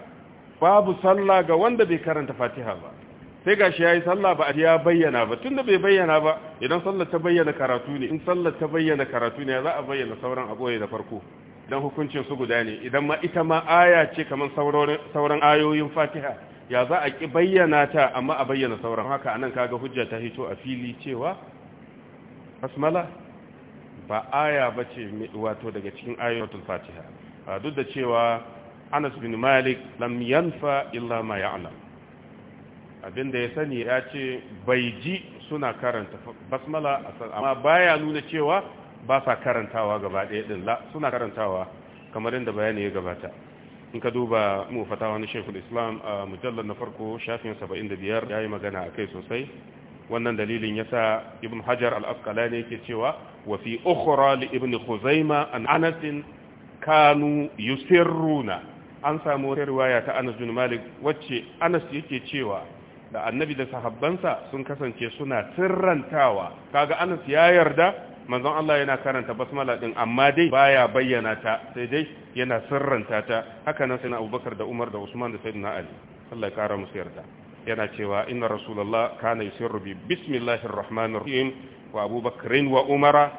babu sallah ga wanda bai karanta fatiha ba sai gashi yayi sallah ba ya bayyana ba tunda bai bayyana ba idan sallar ta bayyana karatu ne in sallar ta bayyana karatu ne za a bayyana sauran agoye da farko dan hukuncin su guda ne idan ma ita ma aya ce kaman sauran ayoyin fatiha ya za a ki bayyana ta amma a bayyana sauran haka anan kaga hujja ta hito a fili cewa basmala ba aya ba ce wato daga cikin ayatul fatiha duk da cewa anas bin malik lam yanfa illa ma ya'lam abinda ya sani ya ce bai ji suna karanta basmala amma baya nuna cewa ba sa karantawa gaba ɗaya din la suna karantawa kamar yadda bayani ya gabata in ka duba mu fatawa wani shekul islam a mujallar na farko shafin 75 ya yi magana a kai sosai wannan dalilin yasa ibn hajar al-asqalani yake cewa wafi fi li ibn khuzaima an kanu yusirruna an samu wata riwaya ta Anas bin Malik wacce Anas yake cewa da annabi da sahabbansa sun kasance suna sirrantawa kaga Anas ya yarda manzon Allah yana karanta basmala din amma dai baya bayyana ta sai dai yana sirrantata. ta haka nan sai na Abubakar da Umar da Usman da Sayyidina Ali Allah ya kara musu yarda yana cewa inna rasulullah kana yusirru bi bismillahir rahmanir rahim wa abubakar wa umara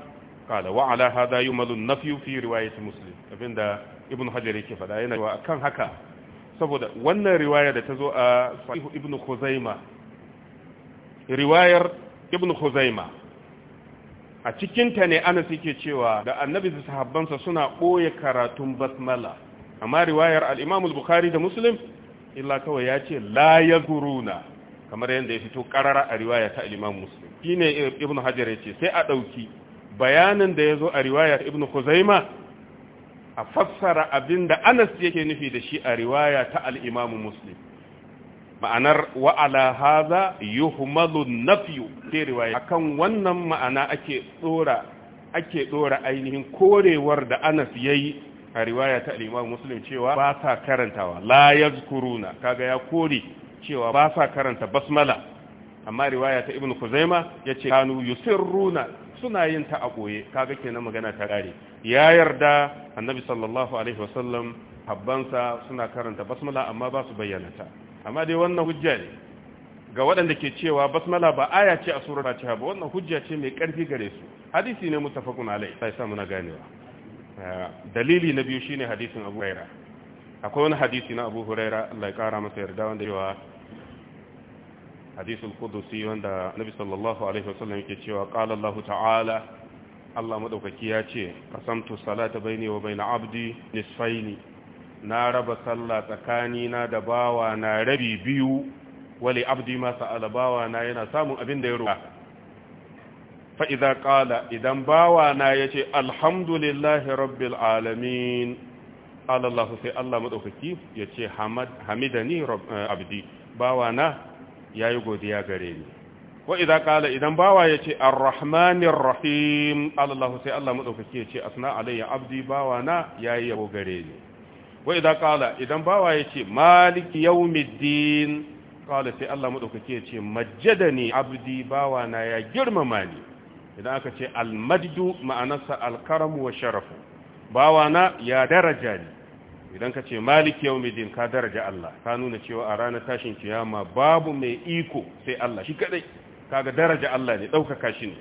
qala wa ala hada yumalu nafyu fi riwayat muslim abinda ibn hajar yake fada yana cewa kan haka saboda wannan riwaya da ta zo a sahih ibnu khuzaima riwayar ibnu khuzaima a cikinta ne ana yake cewa da annabi da sahabbansa suna ɓoye karatun basmala amma riwayar al'imamul bukhari da muslim illa kawai ya ce la ya guruna kamar yadda ya fito karara a riwaya ta al-Imam Muslim ne Ibn ya ce sai a ɗauki. bayanin da ya zo a riwaya ta Ibn huzaima a fassara da Anas yake nufi da shi a riwaya ta al Muslim ma'anar Wa'alahaza, ala hadha yuhmalu nafyu sai riwaya A kan wannan ma'ana ake dora ake dora ainihin korewar da Anas ya yi. a riwaya ta al cewa ba sa karantawa la zukuruna kaga ya kori cewa ba sa karanta basmala amma riwaya ta Ibn ya ce kanu yusirruna suna yin ta a ɓoye kaga na magana ta ƙare ya yarda annabi sallallahu alaihi wasallam habbansa suna karanta basmala amma ba su bayyana ta amma dai wannan hujja ne ga waɗanda ke cewa basmala ba aya ce a surar fatiha ba wannan hujja ce mai ƙarfi gare su hadisi ne muttafaqun alai sai sa muna ganewa Eh, dalili na biyu shine hadisin abu huraira akwai wani hadisi na abu huraira Allah ya kara masa yarda wanda cewa hadisul qudusi wanda nabi sallallahu alaihi wasallam yake cewa qala Allah ta'ala Allah madaukaki ya ce qasamtu salata baini wa baina abdi nisfaini na raba sallah tsakani na da bawa na rabi biyu wali abdi ma sa'ala bawa na yana samun abin da ya roƙa fa'iza ƙala idan bawana ya ce alhamdulillahi rabbil alamin alallahu ya ce hamidani abdi bawana ya yi godiya gare ni wa'iza idan bawa ya ce arrahmanin rahim ya ce asna alayya abdi bawana ya yi yabo gare ni wa'iza idan bawa ya ce maliki yaumiddin ƙala sai Allah maɗaukaki ya ce majjada ne abdi ya girmama ni idan aka ce almaddu ma'anarsa alkaramu wa sharafu bawana ya daraja ne idan ka ce malik yau mai ka daraja Allah ka nuna cewa a ranar tashin kiyama babu mai iko sai Allah shi kadai kaga daraja Allah ne ɗaukaka shi ne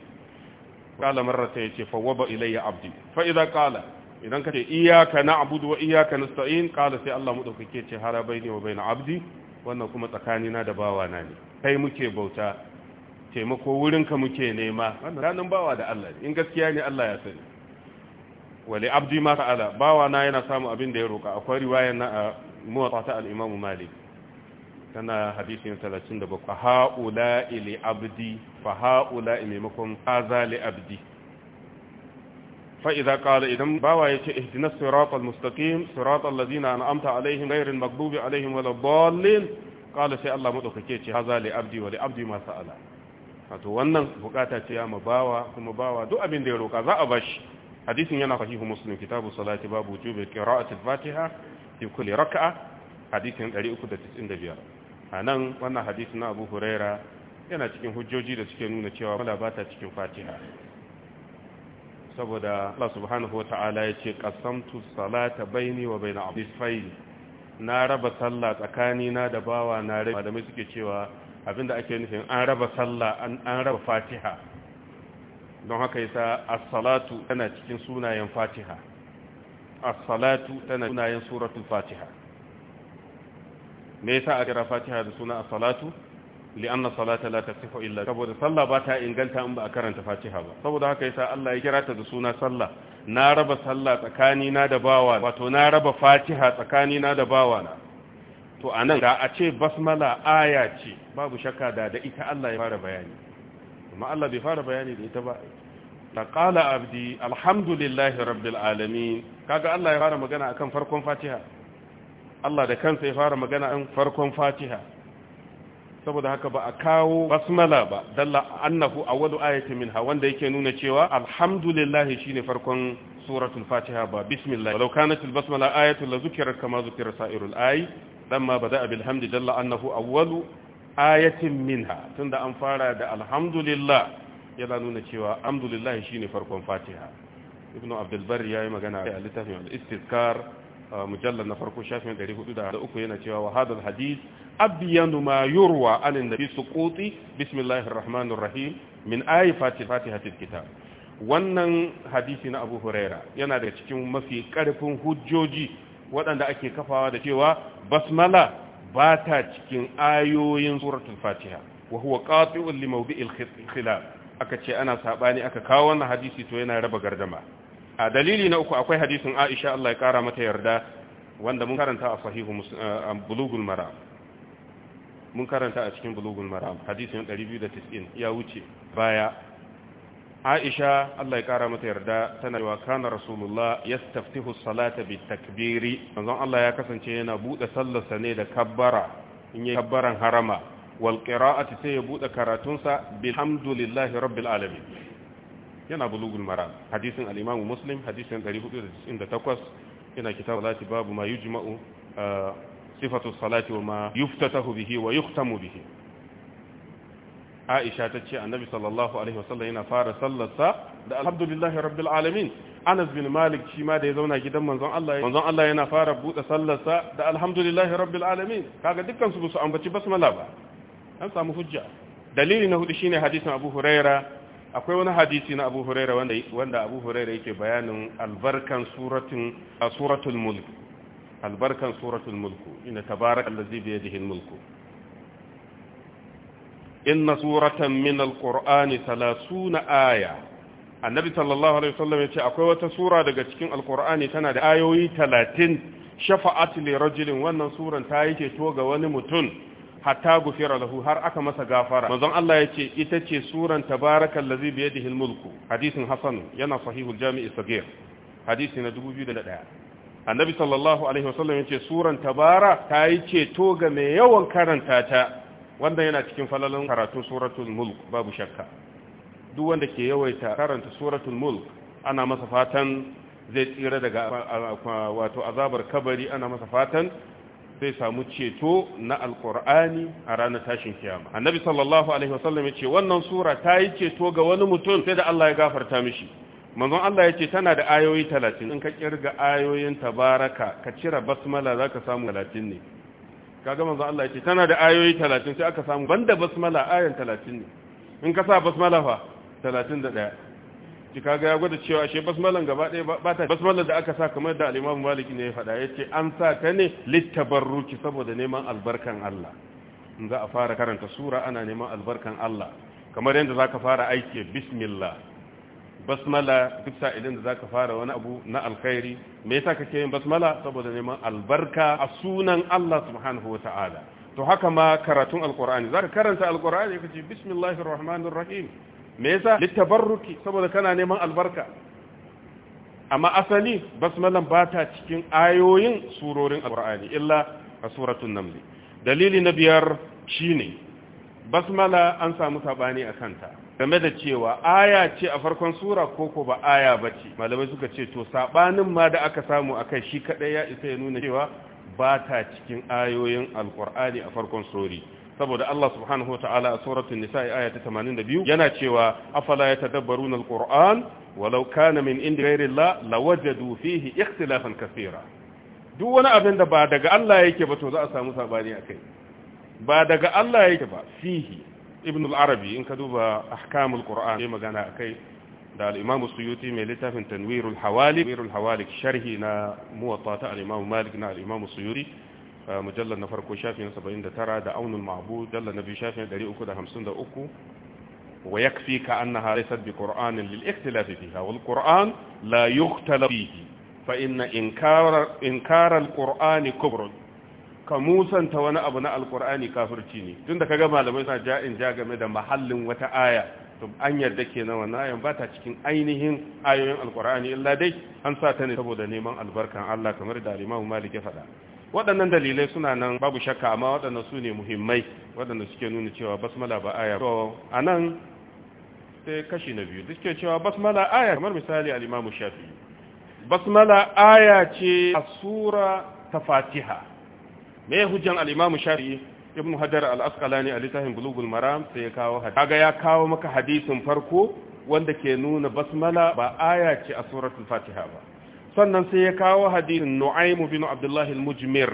kala marrata ya ce fawwaba ilayya abdi fa idan kala idan ka ce iyaka na'budu wa iyaka nasta'in kala sai Allah mu ɗaukake ce harabai ne wa baina abdi wannan kuma tsakanina da bawana ne kai muke bauta taimako wurinka muke nema ranar bawa da Allah in gaskiya ne Allah ya sani wale abdi ma ta'ala bawa na yana samu abin da ya roka akwai riwayar na a uh, muwatta ta al-Imam Malik tana hadisin 37 haula ili abdi fa haula maimakon haza li abdi fa idza qala idan bawa yace ihdinas siratal mustaqim siratal ladina an'amta alaihim ghayril maghdubi alaihim waladdallin qala sai Allah madaukake ce haza li abdi wa li abdi ma sa'ala wato wannan bukata ce ya ma bawa kuma bawa duk abin da ya roka za a bashi hadisin yana sahihu muslim kitabu salati babu wujubi qira'ati al-fatiha fi kulli rak'a hadisin 395 anan wannan hadisin na Abu Huraira yana cikin hujjoji da suke nuna cewa mala ba cikin fatiha saboda Allah subhanahu wa ta'ala ya ce qasamtu salata baini wa baina abdi na raba sallah tsakanina da bawa na da malamai suke cewa abinda ake nufin an raba sallah an raba fatiha don haka yasa as-salatu tana cikin sunayen fatiha as-salatu tana sunayen suratul fatiha me yasa a kira fatiha da suna as-salatu li'anna salata la tasifu illa saboda sallah ba ta inganta in ba a karanta fatiha ba saboda haka yasa Allah ya kira ta da suna sallah na raba sallah tsakani na da bawa wato na raba fatiha tsakani na da bawa na to a nan da a ce basmala aya ce babu shakka da da ita Allah ya fara bayani amma Allah bai fara bayani da ita ba ta kala abdi alhamdulillahi rabbil alamin kaga Allah ya fara magana akan farkon fatiha Allah da kansa ya fara magana an farkon fatiha saboda haka ba a kawo basmala ba dalla annahu awwalu min minha wanda yake nuna cewa alhamdulillahi shine farkon suratul fatiha ba bismillah walau kanat albasmala ayatun la zukirat kama zukira sa'irul ayi lamma bada abil hamdi jalla annahu awwalu ayatin minha tunda an fara da alhamdulillah yana nuna cewa alhamdulillah shine farkon fatiha ibnu abdul bar yayi magana a litafin al-istizkar mujallal na farko shafin 403 yana cewa wa hadal hadith abyanu ma yurwa anin nabi suquti bismillahir rahmanir rahim min ayati fatihatil kitab wannan hadisi na abu huraira yana daga cikin mafi karfin hujjoji waɗanda ake kafawa da cewa basmala ba ta cikin ayoyin suratul fatiha wa huwa qati'un li mawdi'il khilaf aka ce ana sabani aka kawo wannan hadisi to yana raba gardama a dalili na uku akwai hadisin Aisha Allah ya kara mata yarda wanda mun karanta a sahihu bulugul maram mun karanta a cikin bulugul maram hadisin 290 ya wuce baya aisha Allah ya kara mata yarda tana cewa kana rasulullah yastaftihu salata bi takbiri manzon Allah ya kasance yana bude sallarsa ne da kabbara in yi kabbaran harama wal qira'ati sai ya bude karatunsa bilhamdulillahi rabbil alamin yana bulugul maram hadisin al-imam muslim hadisin 498 yana kitab salati babu ma yujma'u ah, sifatu salati wa ma yuftatahu bihi wa yukhtamu bihi aisha ta ce annabi sallallahu alaihi wasallam yana fara sallarsa da alhamdulillahi rabbil alamin anas bin malik shi ma da ya zauna gidan manzon Allah manzon Allah yana fara buɗe sallarsa da alhamdulillahi rabbil alamin kaga dukkan su su ambaci basmala ba an samu hujja dalili na hudu shine hadisin abu huraira akwai wani hadisi na abu huraira wanda wanda abu huraira yake bayanin albarkan suratin suratul mulk albarkan suratul mulk inna tabarakallazi bi yadihi mulku inna suratan min alqur'ani 30 aya annabi sallallahu alaihi wasallam yace akwai wata sura daga cikin alqur'ani tana da ayoyi 30 shafa'at li rajulin wannan suran ta yake to ga wani mutum hatta gufira lahu har aka masa gafara manzon Allah yace ita ce suran tabarakal ladzi bi yadihi almulku hadisin hasan yana sahihul jami'i sagir hadisi na 2001 annabi sallallahu alaihi wasallam yace suran tabara ta yi ceto ga mai yawan karanta ta wanda yana cikin falalin karatun suratul mulk babu shakka duk wanda ke yawaita karanta suratul mulk ana masa fatan zai tsira daga wato azabar kabari ana masa fatan zai samu ceto na alkur'ani a ranar tashin kiyama annabi sallallahu alaihi wasallam ya ce wannan sura ta yi ceto ga wani mutum sai da Allah ya gafarta mishi manzon Allah ya ce tana da ayoyi talatin in ka kirga ayoyin tabaraka ka cire basmala za ka samu talatin ne kaga manzo Allah yake tana da ayoyi 30 sai aka samu banda basmala ayan 30 ne in ka sa basmala fa 31 ki kaga ya gwada cewa she basmalan gaba daya ba ta basmalan da aka sa kamar da al-Imam Malik ne ya faɗa yace an sa ta ne littabarruki saboda neman albarkan Allah in za a fara karanta sura ana neman albarkan Allah kamar yadda zaka fara aiki bismillah basmala duk sa'ilin da zaka fara wani abu na alkhairi me yasa kake yin basmala saboda neman albarka a sunan Allah subhanahu wata'ala to haka ma karatun alqur'ani zaka karanta alqur'ani kace bismillahir rahmanir rahim me yasa litabarruki saboda kana neman albarka amma asali basmalan ba ta cikin ayoyin surorin alqur'ani illa a suratul naml dalili na biyar shine basmala an samu sabani a kanta game da cewa aya ce a farkon sura ko ko ba aya ba ce malamai suka ce to sabanin ma da aka samu a kai shi kadai ya isa ya nuna cewa ba ta cikin ayoyin alkur'ani a farkon sori saboda Allah subhanahu wa ta'ala a suratul nisa aya ta 82 yana cewa afala yatadabbaruna alquran walau kana min indi ghairillah lawajadu fihi ikhtilafan kaseera duk wani abin da ba daga Allah yake ba to za a samu sabani akai ba daga Allah yake ba fihi ibn al-arabi in ka duba ahkamul qur'an yayi magana akai da al-imam suyuti mai littafin tanwirul hawali. tanwirul hawali sharhi na muwatta ta al-imam malik na al-imam suyuti mujallal na farko shafin 79 da aunul ma'bud dalla nabi shafin 353 wa yakfi ka annaha laysat bi qur'anin lil ikhtilaf fiha wal qur'an la yukhtalaf fihi fa inna inkara inkara al-qur'ani kubrun ka musanta wani abu na alkur'ani kafirci ne tunda kaga malamai suna ja'in ja game da mahallin wata aya to an yarda ke na wannan ayan ba ta cikin ainihin ayoyin alkur'ani illa dai an sa ta ne saboda neman albarkan Allah kamar da Imam Malik ya faɗa waɗannan dalilai suna nan babu shakka amma waɗannan su ne muhimmai waɗanda suke nuna cewa basmala ba aya to anan sai kashi na biyu duk cewa basmala aya kamar misali al-Imam Shafi'i basmala aya ce a sura ta Fatiha me hujjan al'imamu imam ibn hajar al-asqalani a littafin bulugul maram sai ya kawo hadisi ya kawo maka hadisin farko wanda ke nuna basmala ba aya ce a suratul fatiha ba sannan sai ya kawo hadisin nu'aimu bin abdullahi mujmir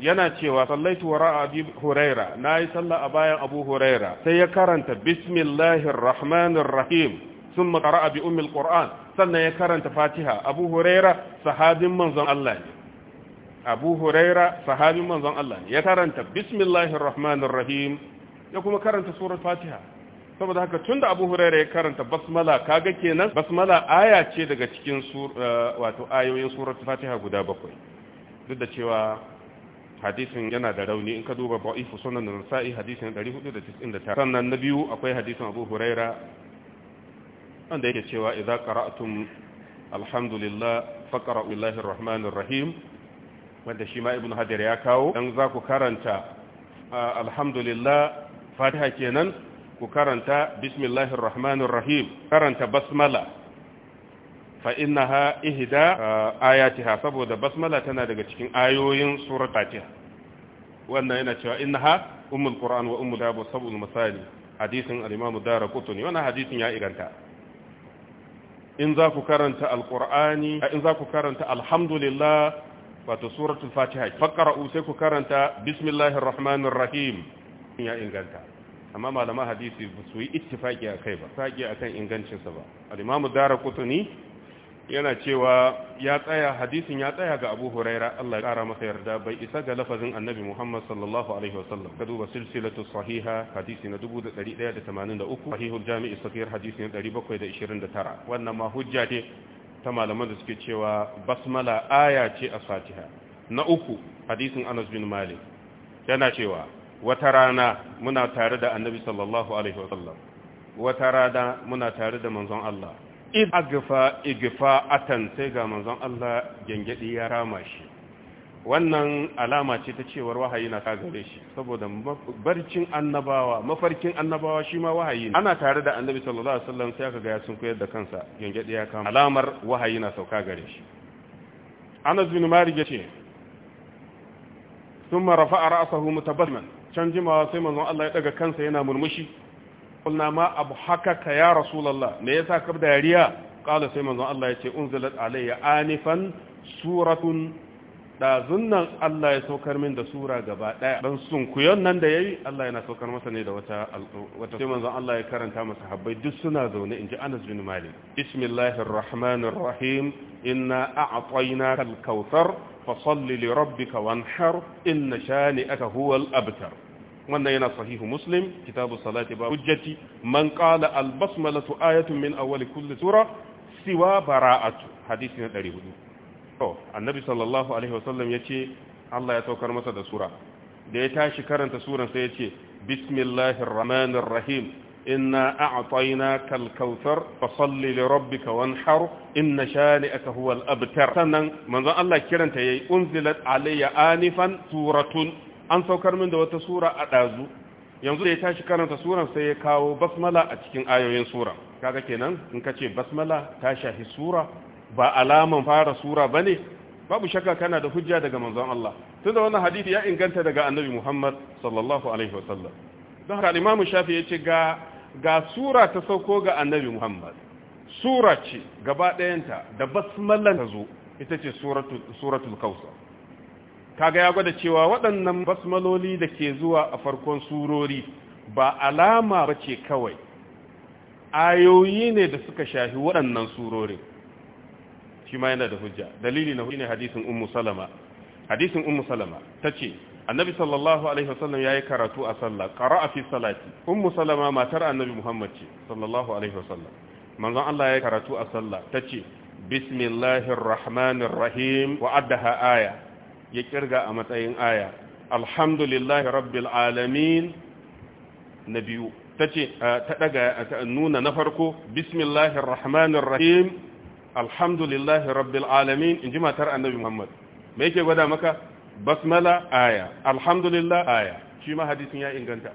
yana cewa sallaitu wara abi huraira nayi sallah a bayan abu huraira sai ya karanta bismillahir rahmanir rahim sun makara bi umil qur'an sannan ya karanta fatiha abu huraira sahabin manzon Allah ne abu huraira sahabin manzon Allah ya karanta bismillahir rahmanir rahim ya kuma karanta surar fatiha saboda haka tunda abu huraira ya karanta basmala kaga kenan basmala aya ce daga cikin eh, wato ayoyin surar fatiha guda bakwai duk da cewa hadisin yana da rauni in ka duba ba'if sunan nasa'i hadisin 499 sannan na biyu akwai hadisin abu huraira wanda yake cewa idza qara'tum alhamdulillah faqra'u billahi arrahmanir rahim wanda shi ma ibn hajar ya kawo dan za ku karanta alhamdulillah fatiha kenan ku karanta bismillahir rahmanir rahim karanta basmala fa innaha ihda ayatiha saboda basmala tana daga cikin ayoyin surat fatiha wannan yana cewa innaha ummul qur'an wa ummu dabu sabul masali hadisin al-imam darqutni wannan hadisin ya iganta in za ku karanta alqur'ani in za ku karanta alhamdulillah wato suratul fatiha faqra'u sai ku karanta bismillahir rahmanir rahim ya inganta amma malaman hadisi ba su yi ittifaki kai ba saki a kan ingancinsa ba al-imamu daraqutni yana cewa ya tsaya hadisin ya tsaya ga Abu Huraira Allah ya kara masa yarda bai isa ga lafazin Annabi Muhammad sallallahu alaihi wasallam ka duba silsilatu sahiha hadisi na 1183 sahihul jami'i sahih hadisi na 729 wannan ma hujja ce ta malaman da suke cewa basmala aya ce a fatiha na uku hadisin anas bin malik yana cewa wata rana muna tare da annabi sallallahu alaihi wasallam wata rana muna tare da manzon Allah in agfa igfa atan sai ga manzon Allah gengedi ya rama shi wannan alama ce ta cewar wahayi na gare shi saboda barcin annabawa mafarkin annabawa shi ma wahayi ana tare da annabi sallallahu alaihi wasallam sai aka ga ya sun koyar da kansa gangade ya kama alamar wahayi na sauka gare shi Anas bin Malik yace thumma rafa'a ra'sahu mutabarriman can jimawa sai manzon Allah ya daga kansa yana murmushi qulna ma abhakaka ya rasulullah me yasa ka dariya qala sai manzon Allah yace unzilat alayya anifan suratun ɗazun nan Allah ya saukar min da sura gaba ɗaya sun sunkuyon nan da ya yi Allah yana saukar masa ne da wata wata sai manzon Allah ya karanta masa habbai duk suna zaune in ji Anas bin Malik bismillahir rahmanir rahim inna a'tayna kal kautsar fa salli li rabbika wanhar inna shani'aka huwal abtar wannan yana sahihu muslim kitabu salati ba hujjati man qala al basmalatu ayatun min awwal kulli sura siwa bara'atu hadisi na 400 annabi sallallahu alaihi wasallam yace Allah ya saukar masa da sura da ya tashi karanta suran sai yace bismillahir rahmanir rahim inna a'tainaka al-kautsar fasalli li rabbika wanhar inna shani'aka huwal abtar sannan manzon Allah kiranta yayi unzilat alayya anifan suratun an saukar min da wata sura a dazu yanzu da ya tashi karanta suran sai ya kawo basmala a cikin ayoyin sura kaga kenan in ka ce basmala ta shahi sura ba alaman fara sura ba ne babu shakka kana da hujja daga manzon Allah tunda wannan hadisi ya inganta daga annabi Muhammad sallallahu alaihi wasallam don haka imamu shafi ya ce ga ga sura ta sauko ga annabi Muhammad sura ce gaba ɗayanta da basmalan ta zo ita ce suratul kausa kaga ya gwada cewa waɗannan basmaloli da ke zuwa a farkon surori ba alama ba ce kawai ayoyi ne da suka shafi waɗannan surorin shi ma yana da hujja dalili na hudu ne hadisin ummu salama hadisin ummu salama tace annabi sallallahu alaihi wasallam yayi karatu a sallah qara'a fi salati ummu salama matar annabi muhammad ce sallallahu alaihi wasallam Allah yayi karatu a sallah tace bismillahir rahmanir rahim wa addaha aya ya kirga a matsayin aya alhamdulillahi rabbil alamin nabiyu tace ta daga nuna na farko bismillahir rahmanir rahim alhamdulillahi rabbil alamin in ji matar annabi muhammad me yake gwada maka basmala aya alhamdulillah aya shi ma hadisin ya inganta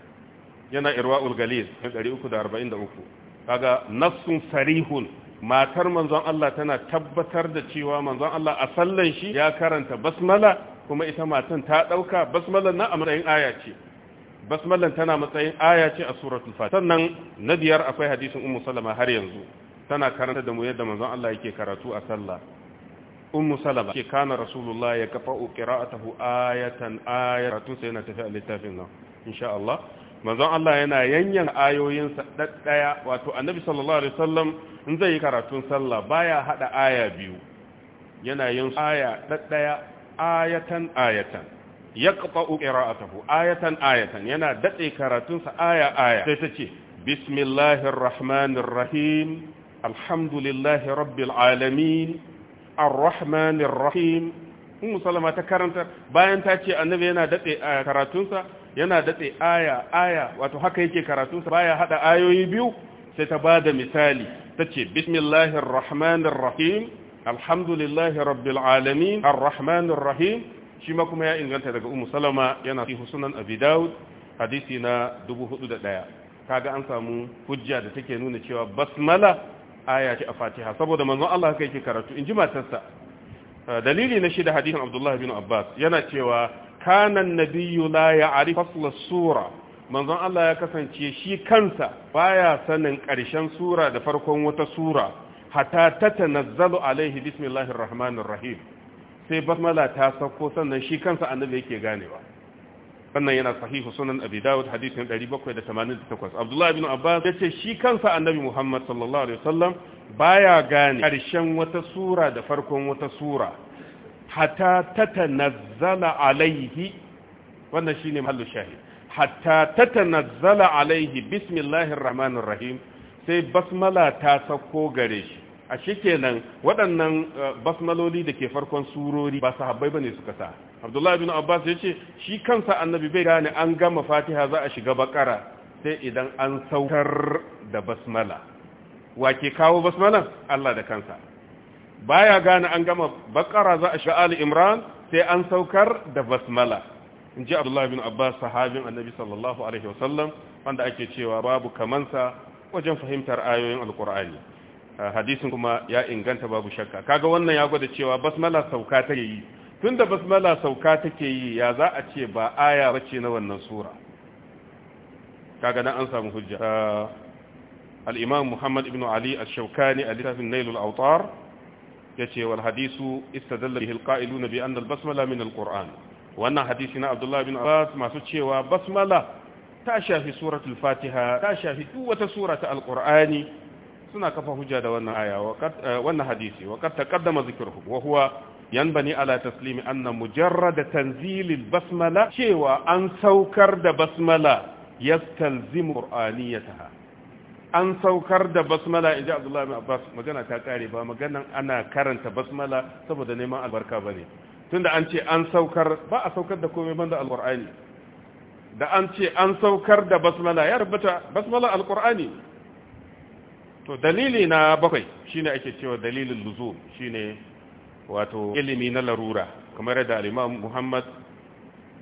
yana irwa'ul galil 343 kaga nassun sarihun matar manzon Allah tana tabbatar da cewa manzon Allah a sallan shi ya karanta basmala kuma ita matan ta dauka basmalan na a matsayin aya ce basmalan tana matsayin aya ce a suratul fatiha sannan na biyar akwai hadisin ummu sallama har yanzu tana karanta da mu yadda manzon Allah yake karatu a sallah ummu salama ke kana rasulullah ya kafa qira'atahu ayatan ayatan sai yana tafi a littafin nan insha Allah manzon Allah yana yanyan ayoyin sa daddaya wato annabi sallallahu alaihi wasallam in zai yi karatun sallah baya hada aya biyu yana yin aya daddaya ayatan ayatan yaqta'u qira'atahu ayatan ayatan yana dade karatun sa aya aya sai tace bismillahir rahmanir rahim الحمد لله رب العالمين الرحمن الرحيم Salama ta karanta bayan ta ce annabi yana datse karatunsa yana datse aya aya wato haka yake karatunsa baya hada ayoyi biyu sai ta bada misali tace bismillahir rahmanir rahim alhamdulillahi rabbil alamin arrahmanir rahim shi ma kuma ya inganta daga Ummu Salama yana fi sunan Abi Dawud hadisi na 4001 kaga an samu hujja da take nuna cewa basmala aya ce a fatiha saboda manzo Allah kai yake karatu in ji matarsa uh, dalili na shida hadisin abdullahi bin abbas yana cewa kana nabiyyu la ya'rif fasla sura manzon Allah ya kasance shi kansa baya sanin karshen sura da farkon wata sura hatta tatanazzalu alaihi bismillahir rahmanir rahim sai basmala ta sauko sannan shi kansa annabi yake ganewa wannan yana sahihu sunan abi dawud hadisin 788 abdullahi bin abbas yace shi kansa annabi muhammad sallallahu alaihi wasallam baya gane karshen wata sura da farkon wata sura hatta tatanazzala alaihi wannan shine mahallu shahid hatta tatanazzala alaihi bismillahir rahmanir rahim sai basmala ta sako gare shi a kenan waɗannan eh, basmaloli da ke farkon surori ba sahabbai bane suka sa abdullahi bin abbas ya ce shi kansa annabi bai gane an gama fatiha za a shiga bakara sai idan an saukar da basmala wa ke kawo basmala allah da kansa baya gane an gama bakara za a shiga ali imran sai an saukar da basmala in ji abdullahi bin abbas sahabin annabi sallallahu alaihi wasallam wanda ake cewa babu kamansa wajen fahimtar ayoyin alkur'ani hadisin kuma ya inganta babu shakka kaga wannan ya gwada cewa basmala sauka take yi tunda basmala sauka take yi ya za a ce ba aya bace na wannan sura kaga nan an samu hujja al-imam Muhammad ibn Ali al-Shawkani a littafin Nailul Awtar yace wal hadisu istadalla bihi al-qa'iluna bi anna al-basmala min al-Qur'an wannan hadisi na Abdullah ibn Abbas masu cewa basmala ta shafi suratul Fatiha ta shafi duk wata sura ta al-Qur'ani suna kafa hujja da wannan aya eh, wannan hadisi wa qad taqaddama zikruhu wa huwa yanbani ala taslimi anna mujarrad tanzil basmala cewa an saukar da basmala yastalzimu qur'aniyataha an saukar da basmala inji Abdullah ibn Abbas magana ta kare ba maganan ana karanta basmala saboda neman albarka bane tunda an ce an saukar ba a saukar da komai banda alqur'ani da an ce an saukar da basmala ya rubuta basmala alqur'ani to dalili na bakwai shine ake cewa dalilin luzum shine wato ilimi na larura kamar da al-Imam Muhammad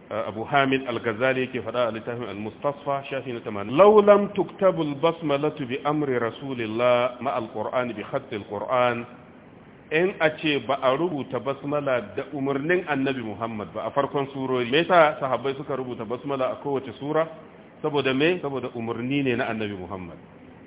uh, Abu Hamid Al-Ghazali yake faɗa a littafin Al-Mustasfa shafi na 80 law lam tuktabu al-basmalatu bi amri rasulillah ma al-Qur'an bi khatt al-Qur'an in a ce ba a rubuta basmala da umarnin annabi Muhammad ba a farkon surori me yasa sahabbai suka rubuta basmala a kowace sura saboda me saboda umarni ne na annabi Muhammad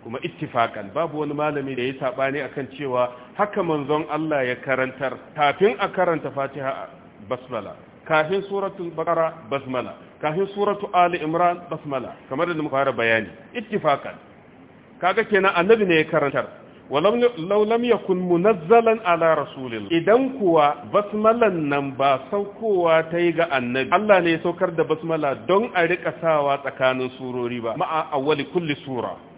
kuma ittifakan babu wani malami da ya sabani akan cewa haka manzon Allah ya karantar kafin a karanta Fatiha basmala kafin suratul baqara basmala kafin suratul ali imran basmala kamar da muka fara bayani ittifakan kaga kenan annabi ne ya karantar law lam yakun munazzalan ala rasulil idan kuwa basmalan nan ba saukowa ta yi ga annabi Allah ne ya saukar da basmala don a rika sawa tsakanin surori ba ma'a awwali kulli sura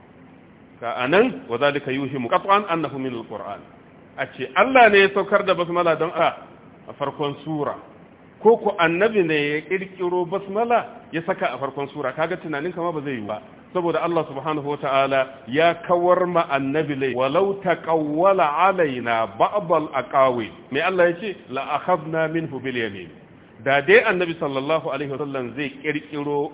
ka anan wa zalika yuhimu qat'an annahu min alquran a ce Allah ne ya saukar da basmala don a a farkon sura ko ku annabi ne ya kirkiro basmala ya saka a farkon sura kaga tunanin kama ba zai yi ba saboda Allah subhanahu ta'ala ya kawar ma annabi lai walau taqawwala alaina ba'd al-aqawi me Allah yace la akhadna minhu bil yamin da dai annabi sallallahu alaihi sallam zai kirkiro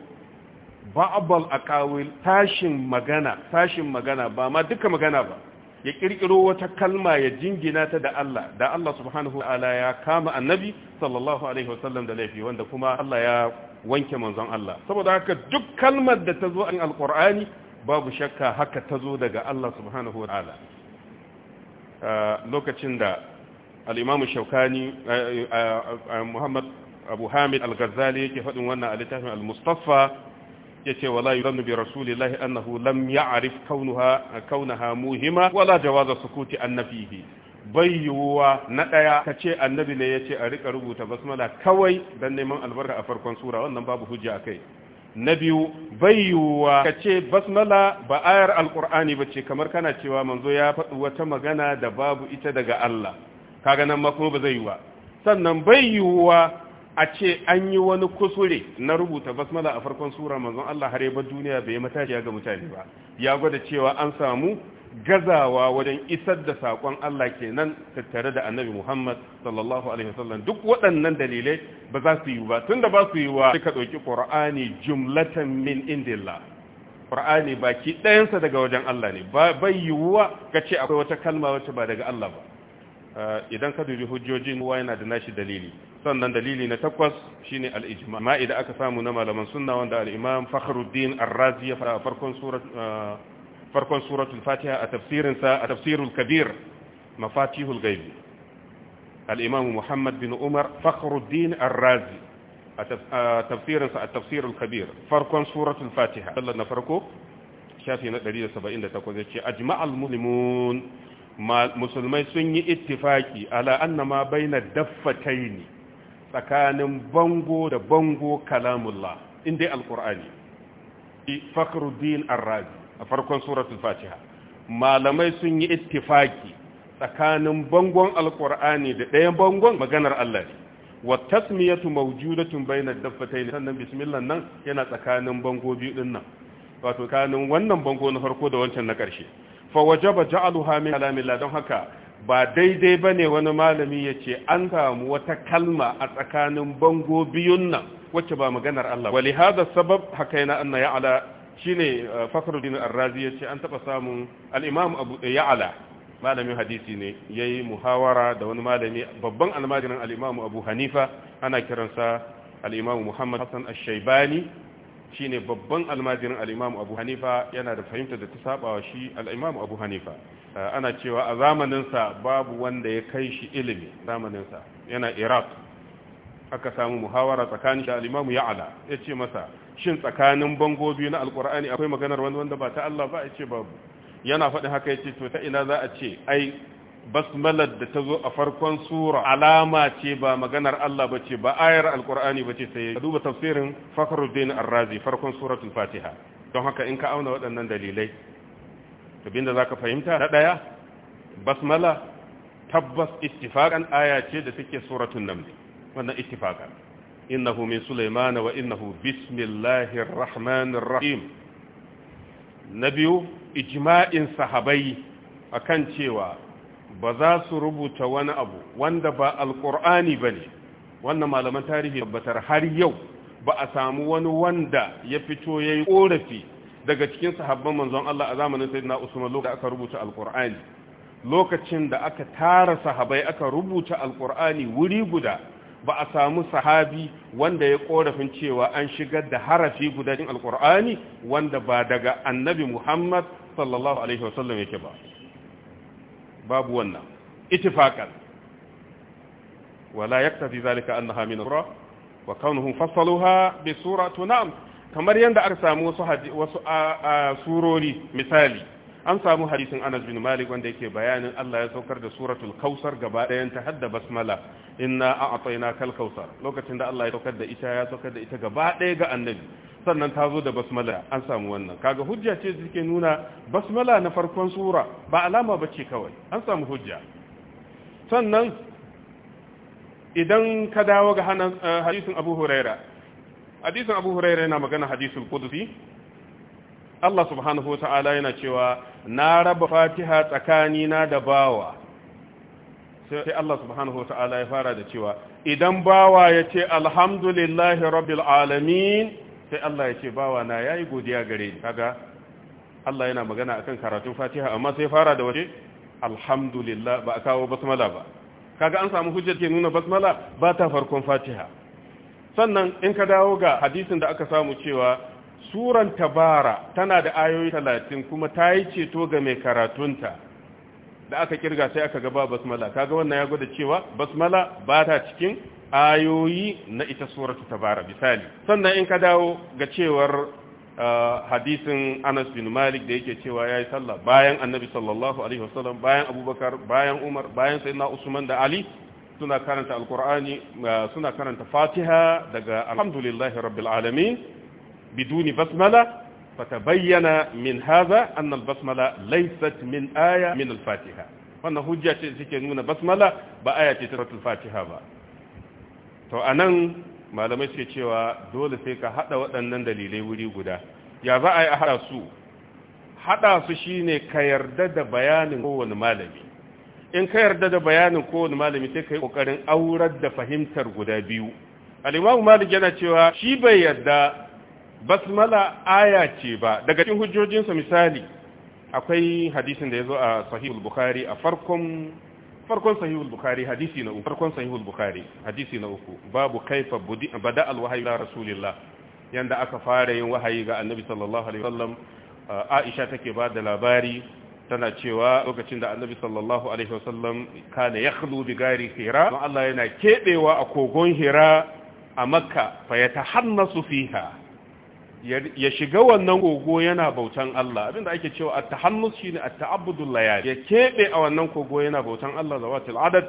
ba'abal aqawil tashin magana tashin magana ba ma duka magana ba ya kirkiro wata kalma ya jingina ta da Allah da Allah subhanahu wa'ala ya kama annabi sallallahu alaihi wasallam da laifi wanda kuma Allah ya wanke manzon Allah saboda haka duk kalmar da ta zo a alqur'ani babu shakka haka ta zo daga Allah subhanahu wa'ala lokacin da al-Imam Shawkani Muhammad Abu Hamid Al-Ghazali yake faɗin wannan a littafin Al-Mustafa yace wala yuzannu bi rasulillahi annahu lam ya'rif kaunaha kaunaha muhima wala jawaza sukuti annafihi bai yiwuwa na daya kace annabi ne yace a rika rubuta basmala kawai dan neman albarka a farkon sura wannan babu hujja kai na biyu bai yiwuwa kace basmala ba ayar ba ce kamar kana cewa manzo ya faɗi wata magana da babu ita daga Allah kaga nan ma ba zai yiwu sannan bai yiwuwa a ce an yi wani kusure na rubuta basmala a farkon sura manzon Allah har ba duniya bai matashiya ga mutane ba ya gwada cewa an samu gazawa wajen isar da sakon Allah kenan tattare da Annabi Muhammad sallallahu alaihi wasallam duk waɗannan dalilai ba za su yi ba tunda ba su yi wa ka dauki Qur'ani jumlatan min indillah Qur'ani baki ɗayansa daga wajen Allah ne ba bai yiwuwa kace akwai wata kalma wacce ba daga Allah ba Eh, idan ka dubi hujjojin kowa yana da nashi dalili sannan dalili na takwas shine al-ijma'i da aka samu na malaman sunna wanda al-imam Fakhruddin Ar-Razi ya fara farkon surat eh, farkon suratul Fatiha a tafsirin sa a tafsirul Kabir mafatihul ghaib al-imam Muhammad bin Umar Fakhruddin Ar-Razi a tafsirin sa a tafsirul Kabir farkon suratul Fatiha sallan na farko shafi na 178 yace ajma'al muslimun musulmai sun yi ittifaki ala annama bayna daffataini tsakanin bango da bango kalamullah inda alqur'ani fakhruddin ar-razi a farkon suratul fatiha malamai sun yi ittifaki tsakanin bangon alqur'ani da ɗayan bangon maganar Allah ne wa tasmiyatu mawjudatun bayna daffataini sannan bismillah nan yana tsakanin bango biyu din nan wato tsakanin wannan bango na farko da wancan na ƙarshe fa wajaba ja'aluha min kalamillah don haka ba daidai bane wani malami yace an samu wata kalma a tsakanin bango biyun nan wacce ba maganar Allah wali hada sabab hakaina anna ya'ala shine uh, fakhruddin ar-razi yace an taba samun al-imam abu eh, ya'ala malamin hadisi ne yayi muhawara da wani malami babban almajirin al-imam abu hanifa ana kiransa al-imam muhammad hasan ash-shaybani shine babban almajirin al'imamu abu hanifa yana da fahimta da ta saba wa shi al'imamu abu hanifa eh, ana cewa a zamaninsa babu wanda ya kai shi ilimi zamaninsa yana iraq aka samu muhawara tsakanin shi al'imamu ya'ala ya ce masa shin tsakanin bango biyu na alkur'ani akwai maganar wanda ba ta Allah ba ya ce babu yana faɗin haka ya ce to ta ina za a ce ai basmalar da ta zo a farkon sura alama ce ba maganar Allah ba ce ba ayar alkur'ani ba ce sai ka duba tafsirin fakhruddin arrazi farkon suratul fatiha don haka in ka auna waɗannan dalilai to binda zaka fahimta na ɗaya basmala tabbas ittifaqan aya ce da take suratul naml wannan ittifaqan innahu min sulaiman wa innahu bismillahir rahmanir rahim nabiyu ijma'in sahabai akan cewa ba za su rubuta wani abu wanda ba alƙur'ani ba ne wannan malaman tarihi tabbatar har yau ba a samu wani wanda ya fito ya yi ƙorafi daga cikin sahabban manzon Allah a zamanin sayyidina Usman lokacin da aka rubuta alƙur'ani lokacin da aka tara sahabai aka rubuta alƙur'ani wuri guda ba a samu sahabi wanda ya ƙorafin cewa an shigar da harafi guda cikin alƙur'ani wanda ba daga annabi Muhammad sallallahu alaihi wasallam yake ba babu wannan ittifaqan wala yaktafi zalika annaha min qura wa kaunuhum fassaluha bi suratu na'am kamar yanda aka samu wasu wasu surori misali an samu hadisin Anas bin Malik wanda yake bayanin Allah ya saukar da suratul Kausar gaba ɗayan ta hadda basmala inna a'tainakal kausar lokacin da Allah ya saukar da ita ya saukar da ita gaba ɗaya ga annabi sannan ta zo da basmala an samu wannan kaga hujja ce suke nuna basmala na farkon sura ba alama ba ce kawai an samu hujja sannan idan ka dawo ga eh, hadisin abu huraira hadisin abu huraira yana magana hadisul qudsi Allah subhanahu ta'ala yana cewa na raba fatiha tsakanina da bawa sai Allah subhanahu ta'ala ya fara da cewa idan bawa ya ce alhamdulillahi rabbil alamin sai Allah ya ce bawa na yayi godiya gare ni kaga Allah yana magana akan karatun Fatiha amma sai fara da waje alhamdulillah ba a kawo basmala ba kaga an samu hujjar ke nuna basmala ba ta farkon Fatiha sannan in ka dawo ga hadisin da aka samu cewa suran tabara tana da ayoyi 30 kuma ta yi ceto ga mai karatunta da aka kirga sai aka gaba basmala kaga wannan ya gwada cewa basmala ba ta cikin ayoyi na ita suratu tabara misali sannan in ka dawo ga cewar uh, hadisin Anas bin Malik da yake cewa yayi sallah bayan Annabi sallallahu alaihi wasallam bayan Abubakar bayan Umar bayan Sayyidina Usman da Ali suna karanta alkur'ani uh, suna karanta fatiha daga alhamdulillahi rabbil alamin biduni basmala fatabayyana min hadha anna albasmala laysat min aya min alfatiha wannan hujja ce take nuna basmala ba aya ce ta fatiha ba to a nan malamai suke cewa dole sai ka haɗa waɗannan dalilai wuri guda ya za a yi a haɗa su haɗa su shine ka yarda da bayanin kowane malami in ka yarda da bayanin kowane malami sai ka yi ƙoƙarin aurar da fahimtar guda biyu al'imamu malik yana cewa shi bai yarda basmala aya ce ba daga cikin hujjojinsa misali akwai hadisin da ya zo a sahihul bukhari a farkon farkon sahihul bukhari hadisi na uku farkon sahihul bukhari hadisi na uku babu kaifa bada wahayi la rasulillah yanda aka fara yin wahayi ga annabi sallallahu alaihi wasallam uh, aisha take ba da labari tana cewa lokacin da annabi sallallahu alaihi wasallam kana yakhlu bi gari hira don Allah yana kebewa a kogon hira a makka fa yatahannasu fiha ya shiga wannan kogo yana bautan Allah abinda ake cewa at shi shine at-ta'abbudul layali ya kebe a wannan kogo yana bautan Allah zawatul adad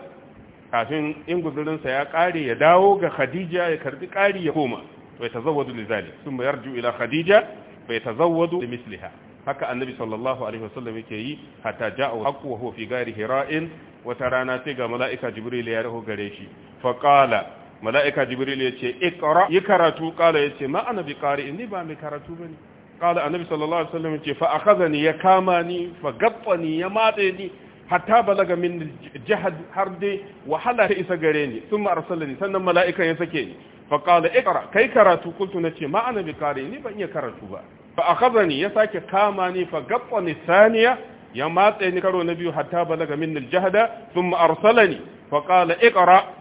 kafin in guzurin sa ya kare ya dawo ga Khadija ya karbi kari ya koma to ya tazawwadu lizalik thumma yarju ila Khadija fa yatazawwadu misliha haka annabi sallallahu alaihi wasallam yake yi hatta ja'a aqu wa huwa fi gari hira'in wata rana sai ga mala'ika jibril ya raho gare shi fa qala mala'ika jibril ya ce ikra yi karatu kala ya ce ma annabi qari'in ni ba mai karatu bane kala annabi sallallahu alaihi wasallam ya ce fa akhazani ya kama ni fa gaffani ya matse ni hatta balaga min jihad har dai wahala ta isa gare ni sun arsalani sannan mala'ikan ya sake ni fa qala iqra kai karatu kuntu nace ma ana bi qari ni ban iya karatu ba fa akhadhani ya sake kama ni fa gaffani saniya ya matse ni karo na biyu hatta balaga min jihad thumma arsalani fa qala iqra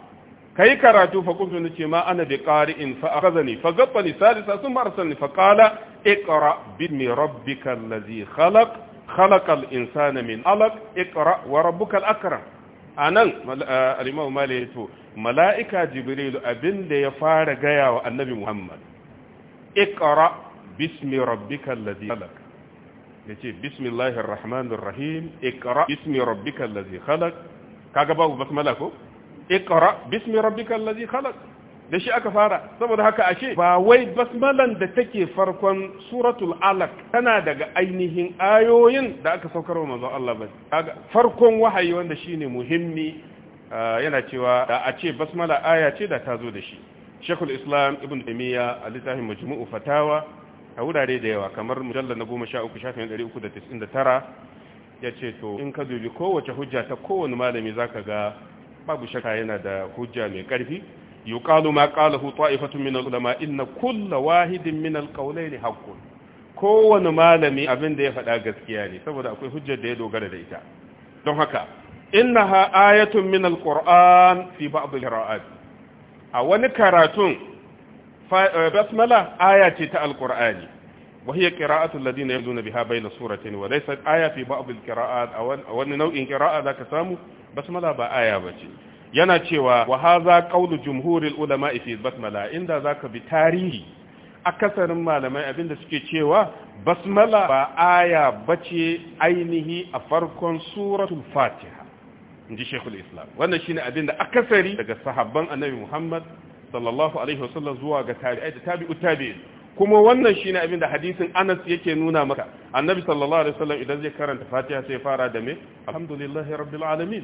kai karatu fa kuntu nace ma ana bi qari'in fa akhadhani fa gaffani salisa sun arsalni fa qala iqra bismi rabbika allazi khalaq khalaqa al-insana min alaq iqra wa rabbuka al-akram anan al-imam mali yato mala'ika jibril abinda ya fara gaya wa annabi muhammad iqra bismi rabbika allazi khalaq yace bismillahir rahmanir rahim iqra bismi rabbika allazi khalaq kaga babu basmala ko iqra bismi rabbikal ladhi khalaq da shi aka fara saboda haka ashe ba wai basmalan da take farkon suratul alaq tana daga ainihin ayoyin da aka saukar wa manzon Allah ba farkon wahayi wanda shine muhimmi ah, yana cewa da a ce basmala aya ce da ta zo da shi shekul islam ibn taymiya a littafin majmu'u fatawa a wurare da yawa kamar mujallar na goma sha uku shafin ɗari uku da tis'in da tara ya ce to in ka dubi kowace hujja ta kowane malami zaka ga babu shaka yana da hujja mai karfi yuqalu ma qalahu ta'ifatun min al-ulama inna kull wahidin min al-qawlayn haqqun kowane malami abin da ya faɗa gaskiya ne saboda akwai hujjar da ya dogara da ita don haka innaha ayatun min al-qur'an fi ba'd al-qira'at a wani karatun eh, basmala aya ce ta al-qur'ani وهي قراءة الذين يمزون بها بين السورتين وليست آية في بعض القراءات أو أن نوع قراءة ذاك سامو samu ملا با آية bace yana cewa wa haza qawlu jumhuril ulama fi basmala inda zaka bi tarihi akasarin malamai abinda suke cewa basmala ba aya bace ainihi a farkon suratul fatiha inji shekul islam wannan shine abinda akasari daga sahabban annabi muhammad sallallahu alaihi wasallam zuwa ga tabi'ai da tabi'u tabi'in kuma wannan shine abin da hadisin Anas yake nuna maka annabi sallallahu alaihi wasallam idan zai karanta fatiha sai fara da me alhamdulillahi rabbil alamin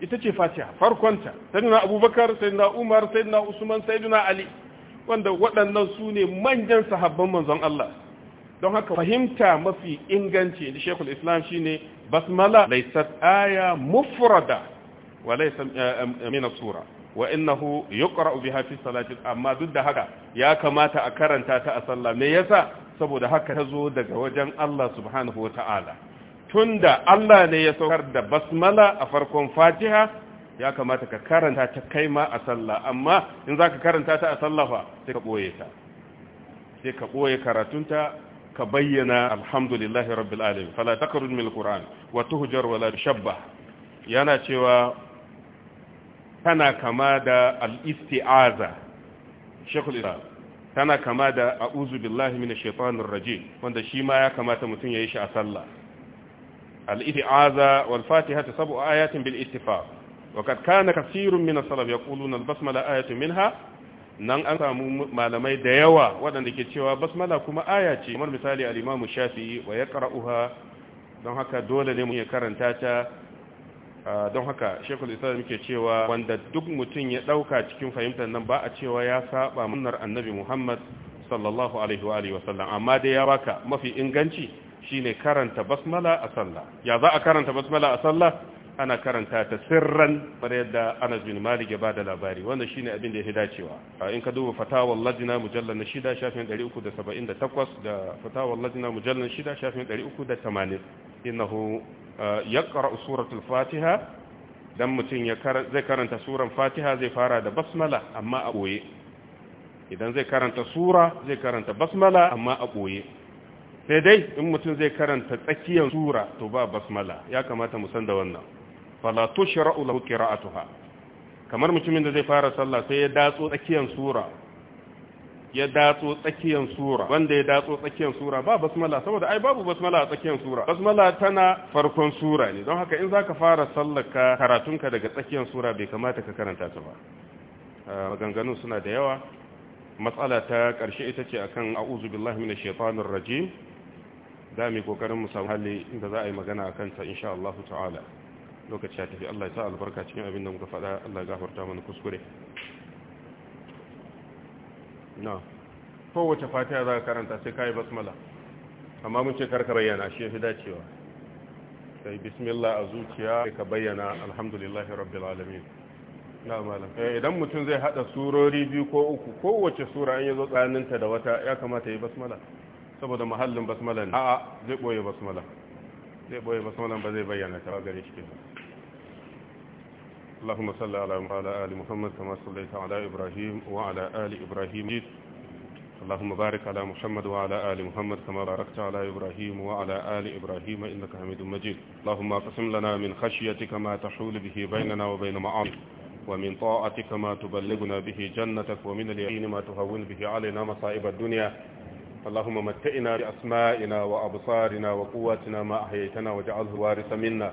ita ce fatiha farkonta sayyidina abubakar sayyidina umar sayyidina usman sayyidina ali wanda waɗannan su ne manyan sahabban manzon Allah don haka fahimta mafi inganci da shekul islam shine basmala laysat aya mufrada wa laysa eh, eh, min as-sura wa innahu yuqra'u biha fi salati amma duk da haka ya kamata a karanta ta a sallah me yasa saboda haka ta zo daga wajen Allah subhanahu wata'ala tunda Allah ne ya saukar da basmala a farkon Fatiha ya kamata ka karanta ta kai ma a sallah amma in zaka karanta ta a sallah fa sai ka boye ta sai ka boye karatunta ka bayyana alhamdulillahi rabbil alamin fala takrun min alquran wa tuhjar wala tushabbah yana cewa tana kama da al shekul islam tana kama da a'uzu billahi minash shaitanir rajim wanda shi ma ya kamata mutum ya yi shi a sallah al-isti'aza wal fatiha sab'u ayatin bil ittifaq wa kad kana kaseerun min as ya yaquluna basmala ayatun minha nan an samu malamai da yawa waɗanda ke cewa basmala kuma aya ce kamar misali al-imamu shafi'i wa yaqra'uha don haka dole ne mu ya karanta ta Ah, don haka shekul islam muke cewa wanda duk mutum ya ɗauka cikin fahimtar nan ba a cewa ya saba munnar annabi muhammad sallallahu alaihi wa alihi wasallam amma dai ya baka mafi inganci shine karanta basmala a sallah ya za a karanta basmala a sallah ana karanta ta sirran bare yadda Anas bin Malik ya bada labari wannan shine abin da ya dacewa ah, in ka duba fatawar ladina mujallal na shida shafin 378 da fatawar lajna mujallal shida shafin 380 innahu ya ƙara suratul fatiha don mutum zai karanta suran fatiha zai fara da basmala amma a ɓoye idan zai karanta sura zai karanta basmala amma a ɓoye sai dai in mutum zai karanta tsakiyar sura to ba basmala ya kamata mu san da wannan fala tushra'u lahu qira'atuha kamar mutumin da zai fara sallah sai ya datso tsakiyar sura ya datso tsakiyar sura wanda ya datso tsakiyar sura ba basmala saboda ai babu basmala a tsakiyar sura basmala tana farkon sura ne don haka in zaka fara sallaka karatunka daga tsakiyar sura bai kamata ka karanta ta ba ah, maganganun suna da yawa matsala ta ƙarshe ita ce akan a'udhu billahi minash shaitanir rajim da mu kokarin mu samu hali inda za a yi magana akan ta insha Allah ta'ala lokaci ya tafi Allah ya sa albarka cikin abin da muka faɗa Allah ya gafarta mana kuskure kowace fatiha za ka karanta sai ka yi basmala amma mun ce karka bayyana shi ya fi dacewa sai bismillah a zuciya sai ka bayyana alhamdulillahi rabbil alamin na malam eh, idan mutum zai hada surori biyu ko uku kowace sura an yazo tsaninta da wata ya kamata yi basmala saboda mahallin basmala ne a'a zai boye basmala zai boye basmala ba zai bayyana ta gare shi kenan اللهم صل على وعلى آل محمد كما صليت على إبراهيم وعلى آل إبراهيم اللهم بارك على محمد وعلى آل محمد كما باركت على إبراهيم وعلى آل إبراهيم إنك حميد مجيد اللهم اقسم لنا من خشيتك ما تحول به بيننا وبين معاصيك ومن طاعتك ما تبلغنا به جنتك ومن اليقين ما تهون به علينا مصائب الدنيا اللهم متئنا بأسمائنا وأبصارنا وقواتنا ما أحييتنا واجعله وارث منا